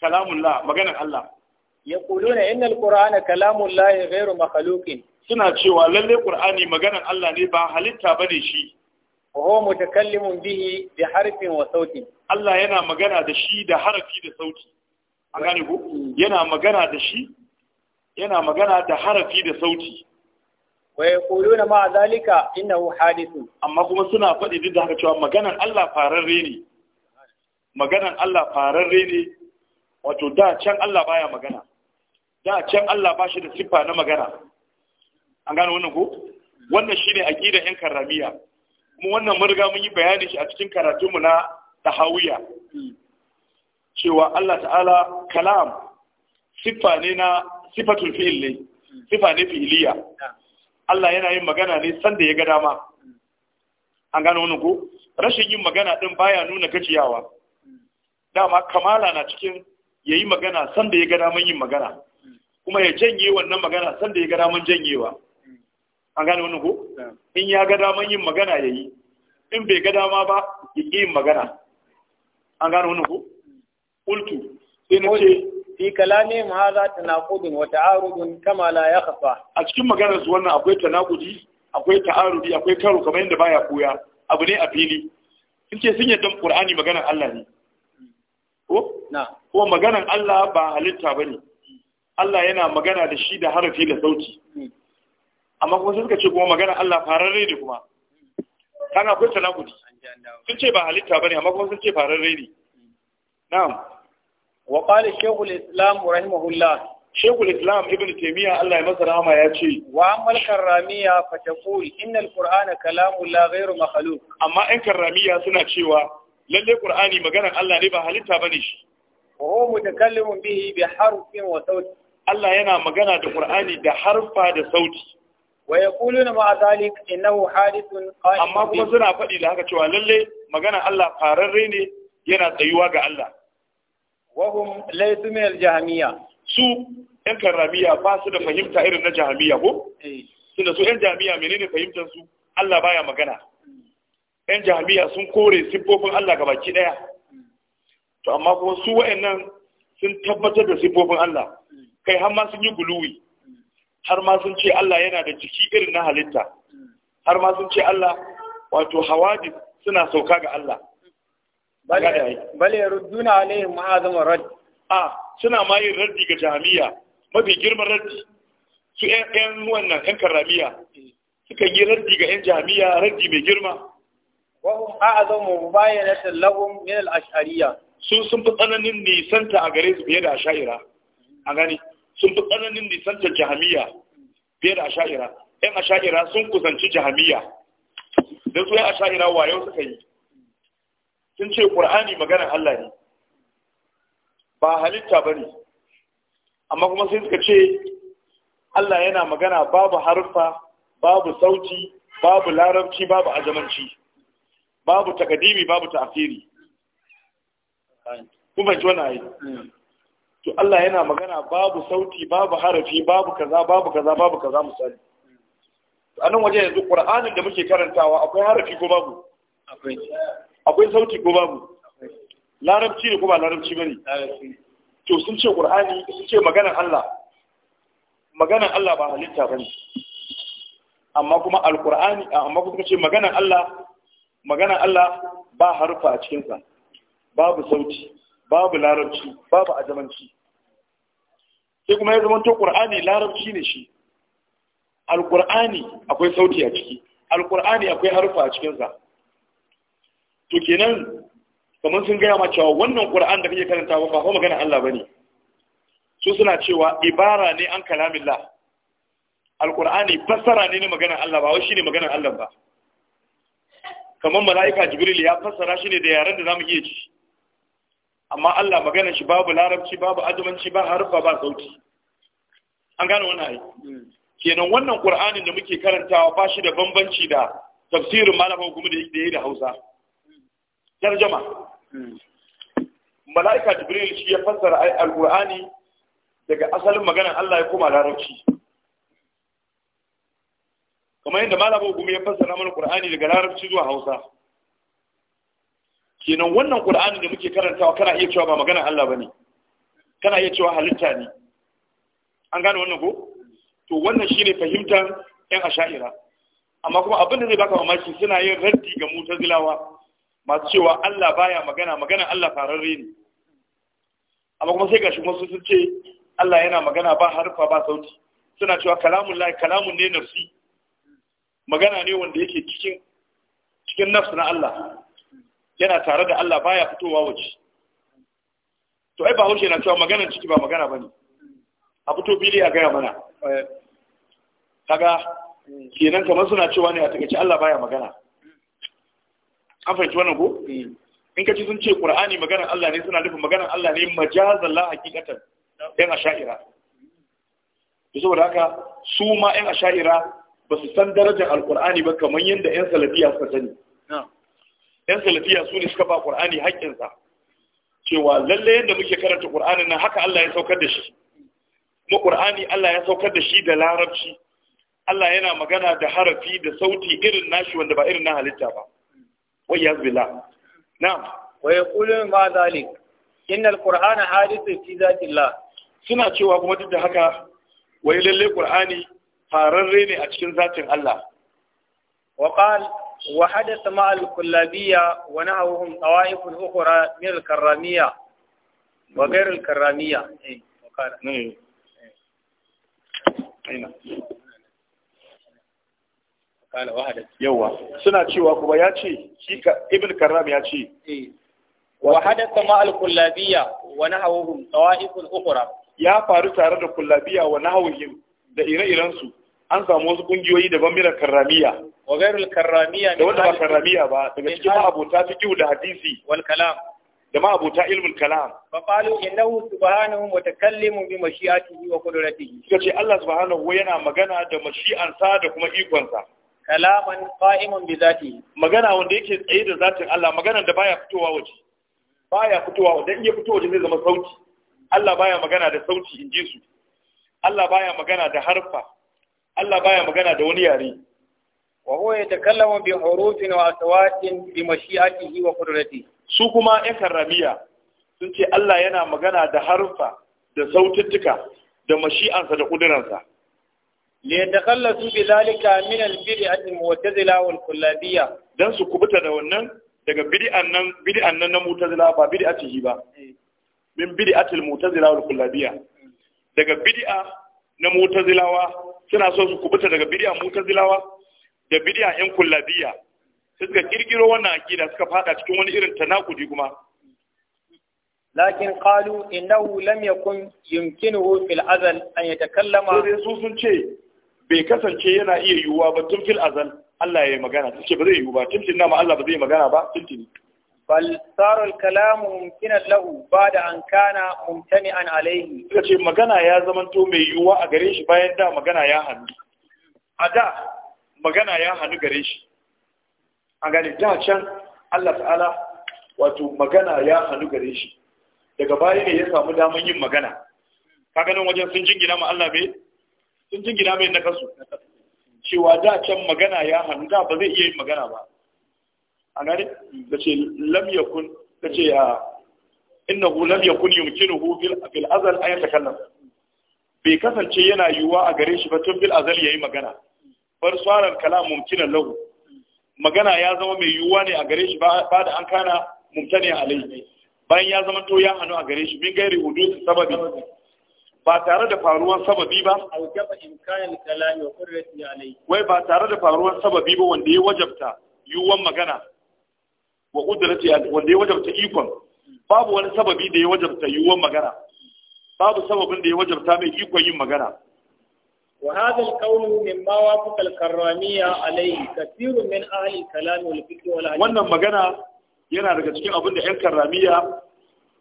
kalamullah maganar Allah Ya yaquluna innal kalamun kalamullahi gairu makhalukin suna cewa lalle Kur'ani maganan Allah ne ba halitta ba ne shi bihi, da harfin wa sauti. Allah yana magana da shi da harafi da sauti an gane ku yana magana da shi yana magana da harafi da sauti wa yaquluna ma zalika innahu hadithu amma kuma suna faɗi duk da haka cewa maganan Allah fararre ne maganan Allah fararre ne wato da can Allah baya magana da can Allah ba shi da siffa na magana an gane wannan ko wannan shine aqidar yan karamiya kuma wannan mun riga mun yi bayani shi a cikin karatunmu na tahawiya cewa Allah ta'ala kalam siffa ne na sifatul fi'il ne siffa ne fi'iliya Allah yana yin magana ne sanda ya ga dama an gane wannan ko rashin yin magana din baya nuna gajiyawa dama kamala na cikin yayi magana sanda ya ga dama yin magana kuma ya janye wannan magana sanda ya ga daman janyewa an gane wannan ko in ya ga daman yin magana ya yi in bai ga dama ba ya ƙi yin magana an gane wannan ko qultu sai na ce fi za ta tanaqudun wa ta'arudun kama la yakhfa a cikin magana su wannan akwai tanaqudi akwai ta'arudi akwai karo kamar yadda baya koya abu ne a fili sun ce sun yadda qur'ani maganar Allah ne hmm. ko na ko maganar Allah ba halitta bane Allah yana magana da shi da harafi da sauti amma kuma suka ce kuma magana Allah fararre ne kuma kana ta tanakudi sun ce ba halitta bane amma kuma sun ce fararre ne na'am wa ƙwale shaykhul islam rahimahullah shaykhul islam ibn taymiya Allah ya masa rahama ya ce wa amal karramiya fa inna al qur'ana kalamu la ghayru makhluq amma in karramiya suna cewa lalle qur'ani maganar Allah ne ba halitta bane shi wa huwa mutakallimun bihi bi harfin wa sauti. Allah yana magana da Qur'ani da harfa da sauti wa yaquluna ma dhalik innahu hadithun qa'im amma kuma suna faɗi da haka cewa lalle magana Allah fararre ne yana tsayuwa ga Allah wa hum laysu min al-jahmiyya su ɗan karamiya ba su da fahimta irin na jahmiya ko eh. tunda su ɗan jahmiya menene fahimtar su Allah baya magana ɗan jahmiya sun kore siffofin Allah gabaki ɗaya mm. to amma kuma su wa'annan sun tabbatar da siffofin Allah kai har ma sun yi guluwi har ma sun ce Allah yana da ciki irin na halitta har ma sun ce Allah wato hawadi suna sauka ga Allah bal na alaihi ma'azama raddi a suna ma yin raddi ga jahamiya mafi girman raddi su ƴan wannan ɗan karamiya suka yi raddi ga ƴan jahamiya raddi mai girma wahum a'azamu mubayanatan lahum min al-ash'ariyya su sun fi tsananin nisanta a gare su fiye da ash'ira a gani sun fi tsananin nisantar jahamiya fiye da asha'ira yan asha'ira sun kusanci jahamiya da su yan asha'ira wayo suka yi sun ce ƙur'ani maganar Allah ne ba halitta ba ne amma kuma sai suka ce Allah yana magana babu harfa babu sauti babu larabci babu ajamanci babu takadimi babu ta'afiri kuma ji wani ayi hmm. to Allah yana magana babu sauti babu harafi babu kaza babu kaza babu kaza misali a nan waje yanzu qur'anin da muke karantawa akwai harafi ko babu akwai sauti ko babu larabci ne ko ba larabci ba ne to sun ce qur'ani sun ce maganar Allah maganar Allah ba halitta ba ne amma kuma alqur'ani amma kuma ce maganar Allah maganar Allah ba harfa a cikinsa babu sauti babu larabci babu ajamanci sai kuma ya zama to qur'ani larabci ne shi alqur'ani akwai sauti a ciki alqur'ani akwai harfa a cikin sa to kenan kamar sun gaya ma cewa wannan qur'an da kake karanta ba fa magana Allah bane su suna cewa ibara ne an kalamillah alqur'ani fassara ne na magana Allah ba wai shine magana Allah ba kamar mala'ika jibril ya fassara shi ne da yaren da zamu iya ci amma Allah magana shi babu larabci babu azumanci ba harfa ba sauti an gane wannan ai kenan wannan qur'ani da muke karantawa ba shi da bambanci da tafsirin malamin gumi da yake da Hausa tarjuma malaika jibril shi ya fassara ai alqur'ani daga asalin magana Allah ya koma larabci kamar yadda malamin gumi ya fassara mana qur'ani daga larabci zuwa Hausa kenan wannan qur'ani da muke karantawa kana iya cewa ba magana Allah ba ne? kana iya cewa halitta ne an gane wannan ko to wannan shi ne fahimtar yan asha'ira amma kuma abin da zai baka mamaki suna yin raddi ga zilawa masu cewa Allah baya magana magana Allah fararre ne amma kuma sai gashi wasu sun ce Allah yana magana ba harfa ba sauti suna cewa kalamun lahi kalamun ne nafsi magana ne wanda yake cikin cikin na Allah yana tare da Allah baya fitowa waje to ai ba haushe na cewa maganar ciki ba magana bane a fito bili a gaya mana kaga kenan kamar suna cewa ne a takaice Allah baya magana an fahimci wannan ko eh. in ka ci sun ce qur'ani maganar Allah ne suna nufin maganar Allah ne majazan la hakikatan yan asha'ira to saboda haka su ma yan asha'ira ba su san darajar alqur'ani ba kamar yadda yan salafiya suka sani yan salafiya su ne suka ba ƙur'ani haƙƙinsa cewa lalle yadda muke karanta ƙur'ani na haka Allah ya saukar da shi kuma ƙur'ani Allah ya saukar da shi da larabci Allah yana magana da harafi da sauti irin nashi wanda ba irin na halitta ba wa ya billah na'am wa yaqulu ma zalik inna ƙur'ani halittar fi zatillah suna cewa kuma duk da haka wai lalle ƙur'ani fararre ne a cikin zatin Allah wa وحدث مع الكلابية ونهوهم طوائف أخرى من الكرامية وغير الكرامية إيه. إيه. yawa ya faru tare da kullabiya da ire-iren su an samu wasu kungiyoyi daban mina karramiya wa ghairul karramiya da wanda ba karramiya ba daga cikin ma'abota fiqh da hadisi wal kalam da ma'abuta ilmul kalam fa qalu innahu subhanahu mutakallimu bi mashi'atihi wa qudratihi suka ce Allah subhanahu yana magana da mashi'ansa da kuma ikonsa kalaman qa'imun bi zati magana wanda yake tsaye da zatin Allah magana da baya fitowa waje baya fitowa dan iya fitowa waje zai zama sauti Allah baya magana da sauti in ji su Allah baya magana da harfa Allah baya magana da wani yare wa huwa yatakallamu bi hurufin wa aswatin bi mashi'atihi wa qudratihi su kuma ƴan karramiya sun ce Allah yana magana da harfa da saututtuka da mashi'ansa da kudiransa li yatakallasu bi zalika min al-bid'ati mu'tazila wal kullabiyya dan su kubuta da wannan daga bid'an nan bid'an nan na mu'tazila ba bid'atihi ba eh. min bid'atil mu'tazila wal kullabiyya hmm. daga bid'a na mu'tazilawa suna so su kubuta daga bidiya mutazilawa da bidiya yan kullabiya sai suka kirkiro wannan akida suka fada cikin wani irin tanakudi kuma lakin qalu innahu lam yakun yumkinuhu fil azal an yatakallama sai su sun ce bai kasance yana iya yiwuwa ba tun fil azal Allah ya yi magana sun ce ba zai yiwu ba tun na ma Allah ba zai yi magana ba tun bal sarar kalamu mumkinan lahu ba da an kana mumtani an alaihi suka ce magana ya zamanto mai yiwuwa a gare shi bayan da magana ya hannu a da magana ya hannu gare shi a gane da can Allah ta'ala wato magana ya hannu gare shi daga baya ne ya samu daman yin magana ka ganin wajen sun jingina ma Allah mai sun jingina mai na kasu cewa da can magana ya hannu da ba zai iya yin magana ba a gane da ce lam yakun da ce a innahu lam yakun yumkinuhu fil azal an yatakallam bai kasance yana yiwuwa a gare shi ba tun fil azal yi magana bar sarar kalam mumkinan lahu magana ya zama mai yiwuwa ne a gare shi ba da an kana mumtani alaihi bayan ya zama to ya hannu a gare shi min gairi hudu sababi ba tare da faruwar sababi ba wai ba tare da faruwar sababi ba wanda ya wajabta yiwuwan magana wa qudrati wanda ya wajabta ikon babu wani sababi da ya wajabta yiwuwar magana babu sababin da ya wajabta mai ikon yin magana وهذا القول مما alayhi kathiru min ahli kalam أهل الكلام wal hadith wannan magana yana daga cikin abin da ƴan karamiya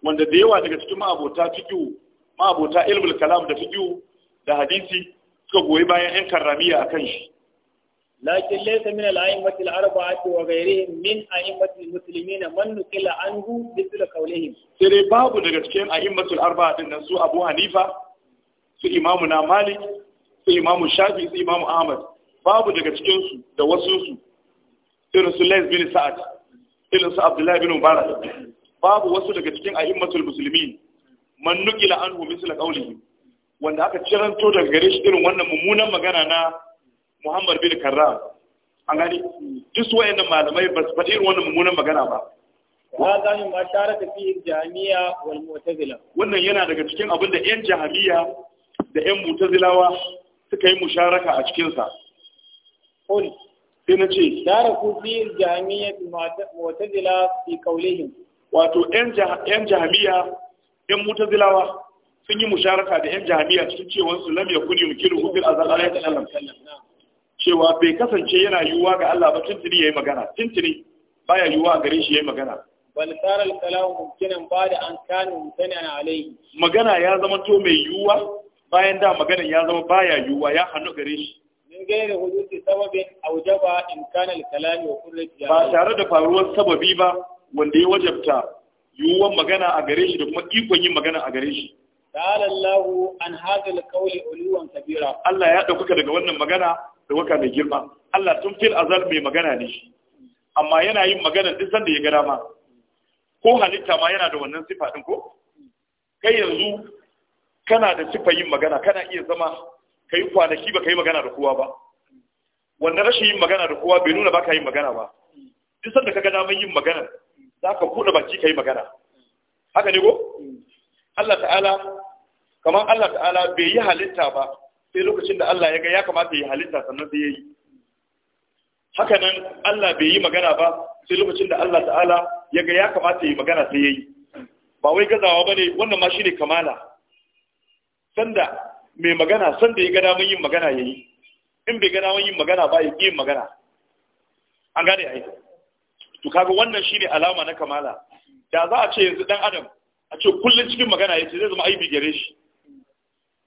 wanda da yawa daga cikin ma'abota fiqh ma'abota ilmul kalam da fiqh da hadisi suka goyi bayan ƴan karamiya akan shi lakin laysa min al-a'immati al wa ghayrihim min a'immati al-muslimina man nuqila anhu mithlu qawlihim sai babu daga cikin a'immatul arba'a din Abu Hanifa su Imam na su Imam Shafi su Imam Ahmad babu daga cikin da wasu su irin bin Sa'ad irin su bin Mubarak babu wasu daga cikin a'immatul muslimin man nukila anhu misla qawlihi wanda aka ciranto daga gare shi irin wannan mummunan magana na muhammad bin Karra an gani duk wayannan malamai ba su faɗi irin wannan mummunan magana ba tare da شارك فيه wal mutazila wannan yana daga cikin abin da ƴan jahamiya da 'yan mutazilawa suka yi musharaka a cikin sa kun sai na ce ku fi jahamiya mu'tazila fi qawlihim wato 'yan ƴan jahamiya ƴan mutazilawa sun yi musharaka da 'yan jahamiya cikin cewa su lam yakuni mukiru fil azal alayhi sallam cewa bai kasance yana yiwuwa ga Allah ba tuntuni yi magana tuntuni baya yiwuwa gare shi yi magana bal sara al-kalam ba'da an kana mutanan alayhi magana ya zama to mai yiwuwa bayan da magana ya zama baya yiwuwa ya hannu gare shi min gaira hudusi sababin aujaba imkan al-kalam wa qurrati ba tare da faruwar sababi ba wanda ya wajabta yiwuwan magana a gare shi da kuma ikon yin magana a gare shi ta'ala Allahu an hadha qawli uluwan kabira Allah ya dauka daga wannan magana da waka mai girma Allah tun fil azal mai magana ne shi amma yana yin magana duk sanda ya gara ma. ko halitta ma yana da wannan sifa din ko kai yanzu kana da sifa yin magana kana iya zama kai kwanaki ba kai magana da kowa ba wanda rashin yin magana da kowa bai nuna ba ka yin magana ba duk sanda ka ga daman yin magana za ka kuɗa baki ka yi magana haka ne ko mm. Allah ta'ala kamar Allah ta'ala bai yi halitta ba sai lokacin da Allah ya ga ya kamata ya halitta sannan sai ya yi haka nan Allah bai yi magana ba sai lokacin da Allah ta'ala ya ga ya kamata ya magana sai ya yi ba wai gazawa ba ne wannan ma shi ne kamala sanda mai magana sanda ya ga damun yin magana ya yi in bai ga damun yin magana ba ya ƙi yin magana an gane ai to kaga wannan shi ne alama na kamala da za a ce yanzu ɗan adam a ce kullum cikin magana ya ce zai zama aibi gare shi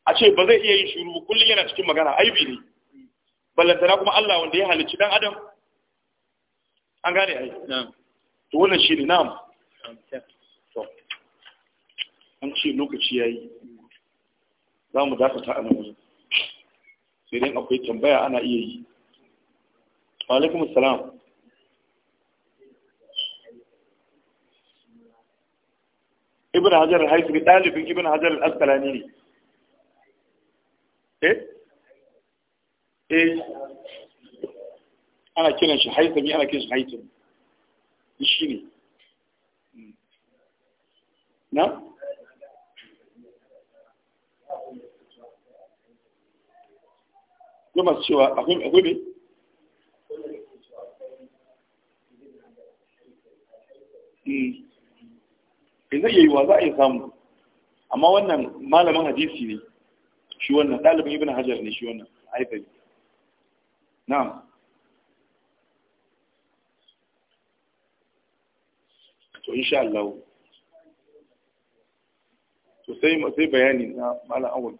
a ce ba zai iya yin shiru kullum yana cikin magana aibi ne ballantana kuma Allah wanda ya halicci dan adam an gane ai to wannan shi ne na'am to an ce lokaci yayi za mu dakata a nan sai dai akwai tambaya ana iya yi wa alaikum assalam ibn hajar al-haythami dalibin ibn hajar al-asqalani ne eh ana kiran shi haitami ana kiran shi haitami shi ne na? kuma cewa a ne? in zai yi wa za a yi samu amma wannan malamin hadisi ne shi wannan ɗalibin ibn hajar ne shi wannan haifari na'am to sai bayani na malam awal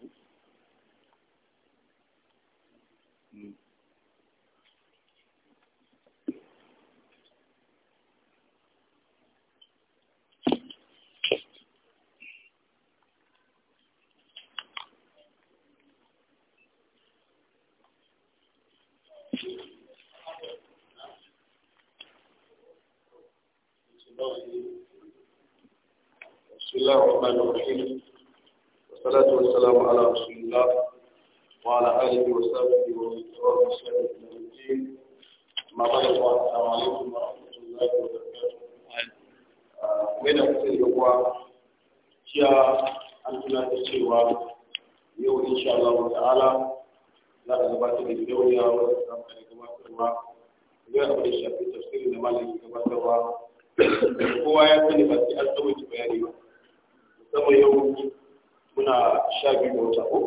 wata ko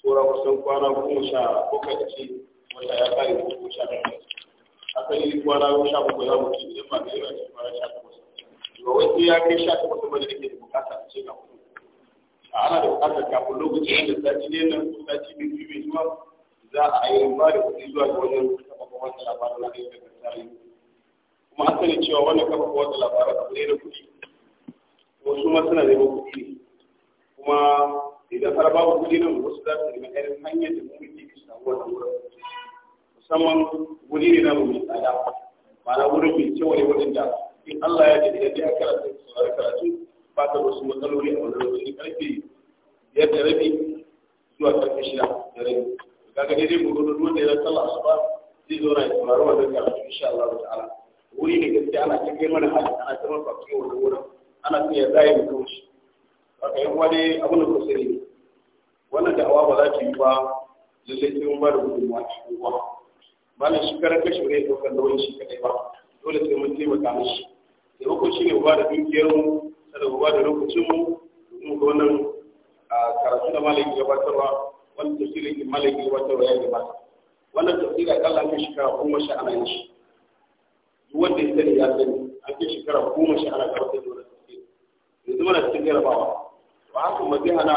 tsora kusan kwana goma sha kuka ce wata ya kare ko sha yi kwana sha za mu ci ba da yawa ce kwana sha ba ya kai sha ba da da bukata a ce kuma a ana da bukatar kafin lokacin sati ne nan ko sati biyu biyu mai zuwa za a yi ba da kuɗi zuwa ga wajen cewa wannan wata abu kuɗi wasu ma suna ne kuma idan har babu kuɗi nan wasu za su nemi irin hanyar da mun ke kisa wata wurin musamman wuri ne na mu mai tsada ma'ana wurin mai kyau ne wurin da in Allah ya ji idan ya karatu saurari karatu ba ta wasu matsaloli a wannan lokacin karfe biyar da rabi zuwa karfe shida da rabi kaga daidai gurgudu da ya sallah asuba zai zo na ya saurari wannan karatu insha Allah ta'ala wuri ne gaskiya ana cikin mana hali ana cikin fakiyo wannan wurin ana iya zai mu kauce haka yan wani abu ne kusa ne wannan da'awa ba za ta yi ba lallai sai mun ba da gudunmuwa cikin ruwa malam shi karan kashi ne ɗaukar nauyin shi kaɗai ba dole sai mun taimaka mishi taimako shi ne ba da dukiyarmu sannan ba da lokacinmu domin ga wannan karatu da malam gabatarwa wannan tafsirin da malam gabatarwa ya gabata wannan tafsirin akalla an kai shekara goma sha ana yin shi duk wanda ya sani ya sani an kai shekara goma sha ana karatu da wannan tafsirin yanzu mana cikin jarabawa ba haka mazi hana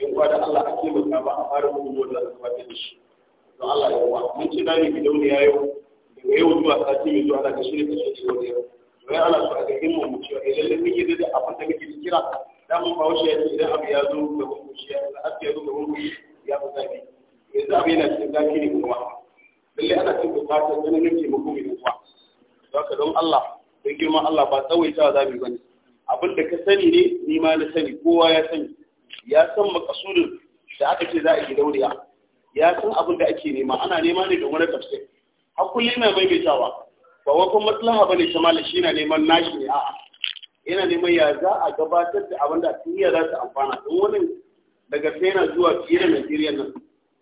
in kwa da Allah a taimaka ba a fara gudu da za su fata da shi don Allah ya kuwa mun ci dani bi dauniya yau daga yau zuwa sati mai zuwa ana kashe ne kashe ne wani yau don ya Allah su a ga himma mu cewa idan da kake da abin da kake kira daman ba wasu ya ce idan abu ya zo da ga hukunci ya da abu ya zo ga hukunci ya fi zafi yanzu abu yana cikin zafi ne kuma lalle ana cikin bukatar ganin taimako mai kuwa don ka don Allah don girman Allah ba tsawaitawa zafi ba ne abin da ka sani ne ni ma na sani kowa ya sani ya san makasudin da aka ce za a yi dauriya ya san abin da ake nema ana nema ne domin tafsir hakuli na maimaitawa ba wai kuma ba bane ta malam shi na neman nashi ne a'a yana neman ya za a gabatar da abin da duniya za ta amfana don wani daga sai yana zuwa fiye da Najeriya nan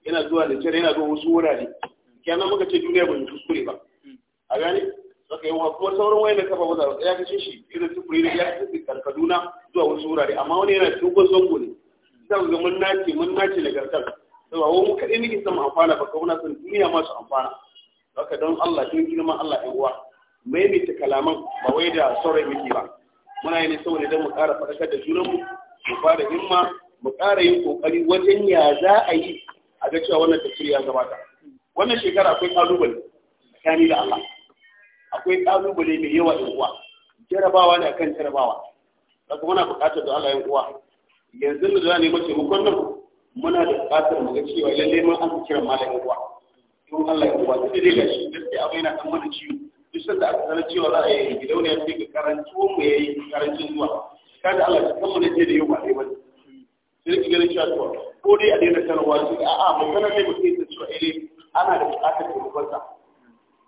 yana zuwa da yana zuwa wasu wurare kenan muka ce duniya ba kuskure ba a gane suka yi wa kuma sauran wayan da kafa wata ya kashe shi irin tukuri da ya kashe karkaduna zuwa wasu wurare amma wani yana dogon zango ne Zan ga mun nace mun nace na garkar to wa mu kadai nake son amfana ba kuma na duniya ma amfana haka don Allah don girman Allah ya uwa mai kalaman ba wai da sauran miki ba muna yi ne saboda don mu ƙara faɗakar da junan mu mu fara himma mu ƙara yin ƙoƙari wajen ya za a yi a ga cewa wannan tafiya ya gabata wannan shekara akwai ƙalubale tsakani da Allah akwai kalubale mai yawa yan uwa jarabawa ne akan jarabawa da kuma na buƙatar da Allah yan uwa yanzu da za ne mace mu muna da buƙatar mu ga cewa lalle mun an kira malamin uwa don Allah yan uwa duk da gashi gaskiya abai na kan mana ciwo duk da aka sanar cewa za a yi gidauniya sai ga karanci mu yayi karancin zuwa kada Allah ya kama da da yau ba dai wani sai ki ganin cewa ko dai a daina sanarwa sai a'a mu sanar ne mu sai ta cewa eh ana da buƙatar taimakon sa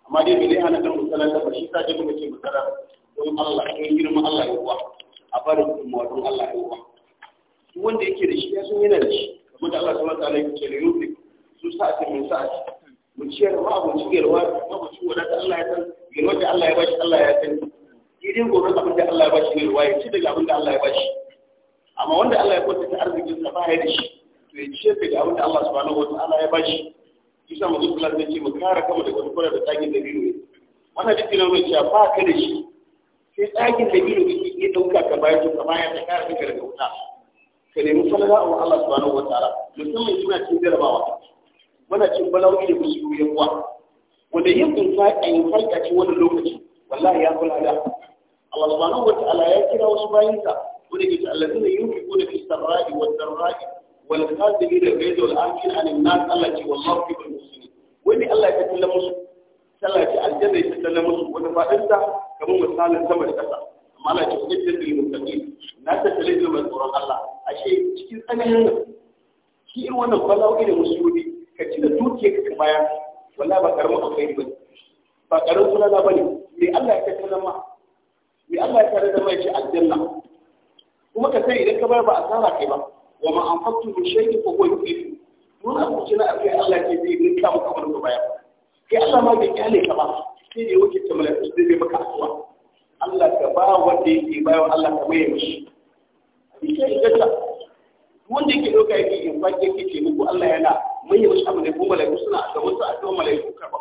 amma dai bai hana kan musalar da shi sa dai muka ce musalar don Allah don girman Allah ya kuwa a bari kuma don Allah ya kuwa duk wanda yake da shi ya san yana da shi kamar da Allah ta wa ta'ala ke da yuri su Mun sa sa'ati mu ciyar ma mu ci yarwa ma mu ci wadata Allah ya san yarwa da Allah ya bashi Allah ya san idan gobe abin da Allah ya bashi yarwa ya ci daga abin da Allah ya bashi amma wanda Allah ya kwanta ta arzikin sa ba ya da shi to ya ci daga abin da Allah subhanahu wataala ta'ala ya bashi sallallahu alaihi ce mu kare kanmu daga dukkan da tsakin da biyu wannan duk yana nuna cewa ba ka da shi sai tsakin da biyu ke iya ɗauka ka bayar to kamar ta kare kanka daga wuta ka nemi falala a Allah subhanahu wataala musamman suna cikin jarabawa muna cin bala'o'i da musu yan uwa wanda yin infaƙa infaƙa ce wani lokaci wallahi ya kula da Allah subhanahu wataala ya kira wasu bayinsa wanda ke ta allazina yunfiquna fi sarra'i wad dharra'i wal kadhibina al-ghayza wal 'afina 'anil nas Allah ce wallahu fi ne Allah ya tattala musu sallah ya ce aljanna ya tattala musu wani fadinta kamar misalin sama da ƙasa amma Allah ya ce kudin da mutane na tattale da mai tsoron Allah ashe cikin tsananin nan shi irin wannan kwalawo da musulmi ka ci da dukiyar ka baya wallahi ba karamin ba bane ba karamin sunana bane me Allah ya tattala ma me Allah ya tare da mai ce aljanna kuma ka sai idan ka bayar ba asara kai ba wa ma anfaqtu shay'in fa huwa yufidu nuna kuce na akai Allah ke zai rinka maka wani ba bayan kai Allah ma bai kyale ka ba sai ne wuce ta malafi zai bai maka asuwa Allah ka ba wanda yake bayan Allah ka maye mishi abin ke inganta wanda yake ɗauka yake in fa yake ce muku Allah yana maye mishi abu ne ko malafi suna a gaban sa a gaban malafi karɓa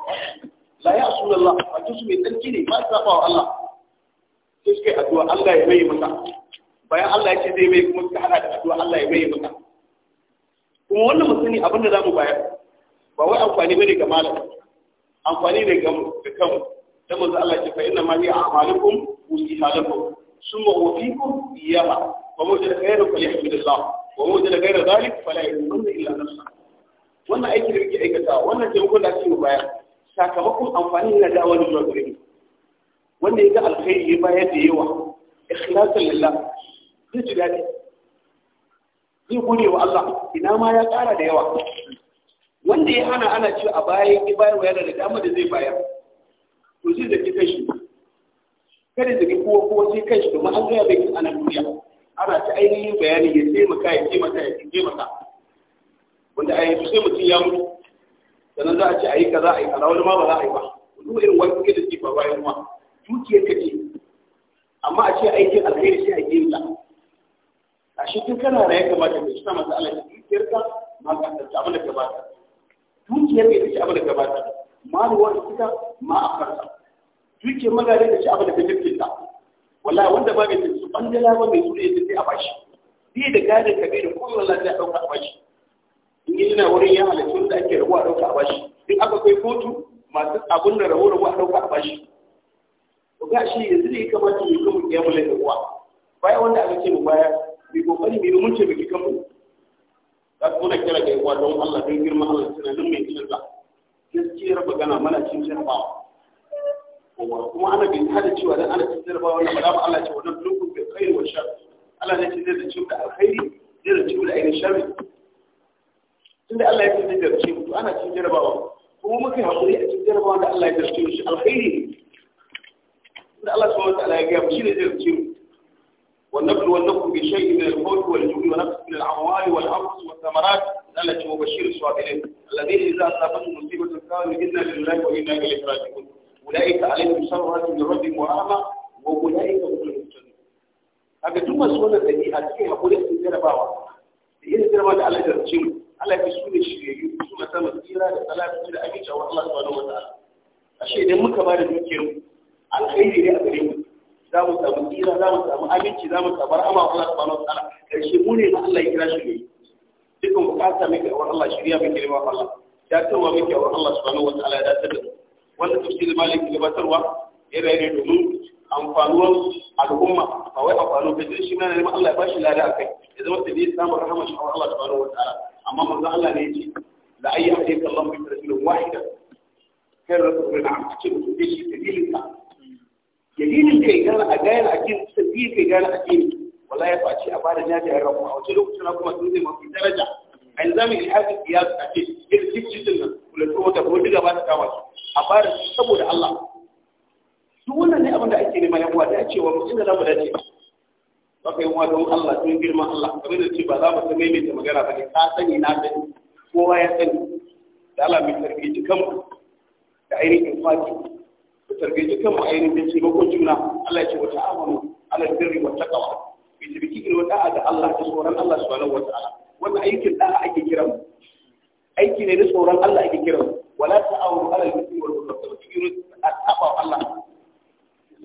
la ya asu Allah ba su mai tsarki ne ba sa wa Allah sai suka yi addu'a Allah ya maye maka bayan Allah ya ce zai maye kuma suka hada da addu'a Allah ya maye maka kuma wannan musani abin da za mu bayar ba wai amfani ba ne ga malam amfani ne ga ga kanmu dan manzo Allah ya fa inna ma hiya a'malukum usiha lakum summa ufikum iyyaha wa mujra khairu falyahmidillah wa mujra ghayra dhalik fala yuzunna illa nafsa wannan aiki da kike aikata wannan taimakon da kike bayar sakamakon amfani na da wani zuwa gare wanda ya ga alkhairi ya bayar da yawa ikhlasan lillah zai ji daɗi zai gode wa Allah ina ma ya ƙara da yawa wanda ya hana ana cewa a baya ya bayar yana da dama da zai bayar to zai zaki shi? kada zaki kowa kowa sai shi, domin an gaya bai ana duniya ana ta ainihin bayani ya taimaka ya taimaka ya taimaka wanda a yanzu sai mutum ya mutu sannan za a ce a yi kaza a yi kaza wani ma ba za a yi ba duk irin wani kuke da ke ba bayan ma dukiyar ka ce amma a ce aikin alheri sai a yi ta a shi kana da ya kamata ka suna masu alaƙa dukiyar ka ma ka tsanta abin da gabata dukiyar ka ita ce abin da gabata ma ruwa da suka ma a farsa dukiyar magare da ce abin da ka jirgin ta wallahi wanda ba mai su bandala ba mai sune da sai a bashi bi da gane ka bai da kowa Allah ya dauka a bashi in yi yana wurin ya halittu da ake rabuwa ɗauka a bashi in aka kai kotu masu abin da rabu rabu a dauka a bashi to ga shi yanzu ne kamata mu yi kuma kiyamul da uwa bayan wanda aka ce mu bayar bi kokari bi mun ce biki kanmu da kuma kira ga yawa don Allah don girma Allah tunanin mai canza gaskiyar magana mana cin jarabawa kuma ana bin hada cewa dan ana cin jarabawa wannan ba da Allah ce wannan dukkan bai kai wa shar Allah ne ce zai da ciwo da alkhairi zai da ciwo da ainihin sharri tunda Allah ya ce zai da ciwo ana cin jarabawa kuma kai haƙuri a cikin jarabawa wanda Allah ya ci zarce shi alkhairi da Allah subhanahu wa ta'ala ya ga shi ne zai zarce mu ونبلونكم بشيء من الخوف والجوع ونقص من الاموال والانفس والثمرات ذلك وبشير الصابرين الذين اذا اصابتهم مصيبه قالوا انا لله وانا اليه راجعون اولئك عليهم شرات من ربهم ورحمه واولئك هم المهتدون kaga duk masu wannan dabi'a cikin hakuri su jarabawa da irin jarabawa da Allah ya zarce mu Allah ya su ne shiryayyu su mata masira da salatu da abinci wa Allah subhanahu wa idan muka ba da dukiyar ne a gare za mu samu tsira za mu samu aminci za mu samu rahama Allah subhanahu wa ta'ala karshe mu ne ma Allah ya kira shi ne dukkan bukata mai wani Allah shirya mai kirma Allah ya tawa mai kyawar Allah subhanahu wa ta'ala ya dace da wannan tafsir malik gabatarwa ya rayar domin amfanuwar al'umma ba wai amfanuwar da shi ne neman Allah ya bashi lada akai ya zama tabi samu rahama shi Allah subhanahu wa ta'ala amma manzo Allah ne yace la ayyatika Allah bi rasulin wahida kai rasulun a cikin shi dalilinka dalilin kai gane a gane addini sabbi kai gane addini wallahi ya faci a bada jaji a rabu a wace lokacin na kuma sun zai mafi daraja a yanzu zamu yi harfi ya a ce irin cikin nan kulatu wata ko duka ba ta kawo a bada saboda Allah su wannan ne abin da ake nema yan uwa ce wa mutum da zamu dace ba kai wa don Allah don girman Allah kamar da ce ba za mu ta maimaita magana ba ne ka sani na sani kowa ya sani da Allah mai sarki cikan da ainihin fati tarbiyyar kan mu ainihin taimakon juna Allah ya ce wata amanu ala birri wa taqwa bi tabikin wa da'a da Allah da tsoron Allah subhanahu wa ta'ala wannan aikin da'a ake kira aiki ne da tsoron Allah ake kira mu wala ta'awunu ala al-ithmi wal udwan tabiyyun at-taqwa Allah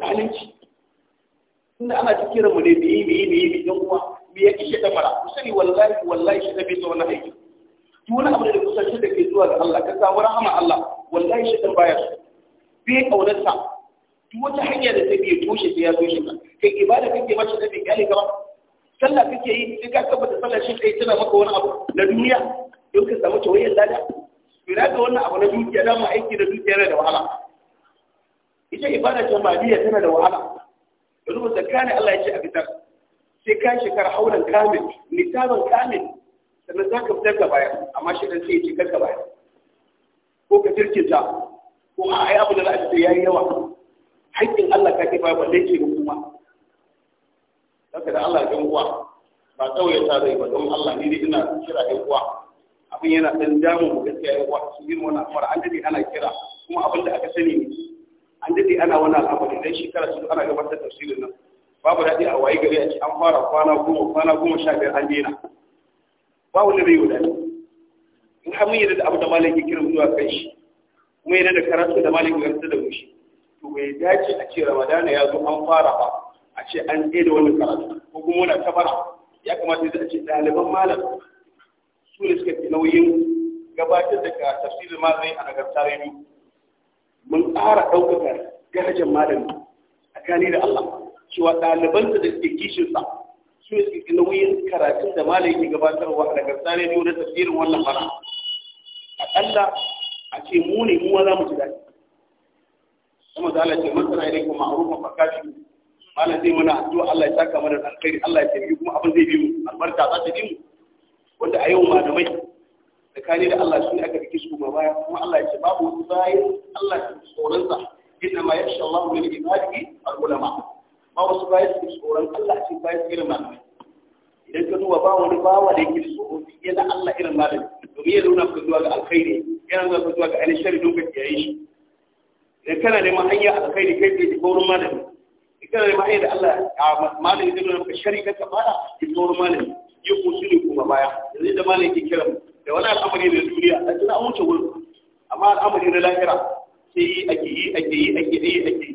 zalunci inda ana ta kira mu ne bi bi bi bi dan uwa bi ya kishe da mara ku sani wallahi wallahi shi da bai zo wannan aiki duk wani abu da kusa shi da ke zuwa ga Allah ka samu rahama Allah wallahi shi dan baya bai kaunarsa duk wata hanya da ta biya toshe sai ya toshe ka kai ibada kake mace da bai kyale ka ba sallah kake yi sai ka tabbata sallah shi kai tana maka wani abu na duniya don ka samu tawayyar lada ina ga wannan abu na dukiya dama aiki da dukiya yana da wahala ita ibada ta maliya tana da wahala yanzu ba tsakanin Allah ya ce a fitar sai ka shekara haulan kamil nisaban kamil sannan za ka fitar ka baya amma shi dan sai ya ce ka baya ko ka jirkinta ko ai abu da za a ya yi yawa haƙƙin Allah ka kifa ba dai ce da kuma haka da Allah ɗan uwa ba kawai ta zai ba don Allah ni ne ina kira ɗan uwa abin yana ɗan damu mu gaskiya ɗan uwa su yin wani al'amari an dade ana kira kuma abin da aka sani ne an dade ana wannan wani al'amari dan shekara sun ana gabatar da tafsirin nan babu daɗi a waye gari a ce an fara kwana goma kwana goma sha biyar an daina ba wani rai wadani in har mun yi da abu da malam ya kiran zuwa kai shi kuma yana da karatu da malin garanta da mushi to bai dace a ce ramadana ya zo an fara ba a ce an je da wannan karatu ko kuma wani tabara ya kamata a ce ɗaliban malam su ne suka fi nauyin gabatar da ka tafsirin malami a nagarta rayu mun ƙara ɗaukaka darajar malami a kani da Allah cewa ɗalibansa da suke kishinsa su ne suke nauyin karatun da malami ke gabatarwa a nagarta rayu na tafsirin wannan mara aƙalla a ce mu ne mu za mu ji daɗi kuma da Allah ce masana ilai kuma a ma'rufan fakashi malam zai mana addu'a Allah ya saka mana alkhairi Allah ya tafi kuma abin zai bi mu albarka za ta bi mu wanda a yau malamai tsakani da Allah shi aka fi su ma baya kuma Allah ya ce babu wasu bayan Allah ya tsoron sa inna ma yasha Allah min ibadihi al-ulama ba wasu bayan su tsoron Allah shi bayan irin malamai idan ka duba ba wani bawa da yake tsoro yana Allah irin malami domin ya nuna ka zuwa ga alkhairi yana nuna ka zuwa ga ainihin shari don ka shi idan kana neman hanya alkhairi kai kai ko wurin malami idan kana neman hanya da Allah a malami zai nuna maka shari ka fara ki ko wurin malami yi kusuri kuma baya yanzu da malami ke kira mu da wani al'amari na duniya a cikin an wuce wurin amma al'amari na lahira sai yi ake yi ake yi ake yi ake yi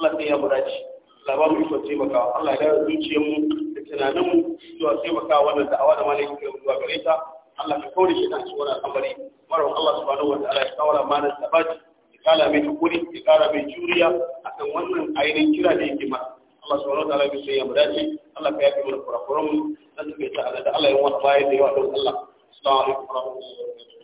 Allah sai ya buɗaci Allah ikon taimakawa Allah ya da tunaninmu zuwa taimakawa wannan da'awa da malami ke zuwa gare ta Allah ka kaure shi a cikin al'amari mara Allah subhanahu wa ta'ala ya kawara mana sabati ya kala mai hakuri ya kara mai juriya akan wannan ainihin kira da yake masa Allah subhanahu wa ta'ala ya sai ya mudace Allah ka yafi mana kurakuran mu dan take ta da Allah ya wani bayan da yawa don Allah assalamu alaikum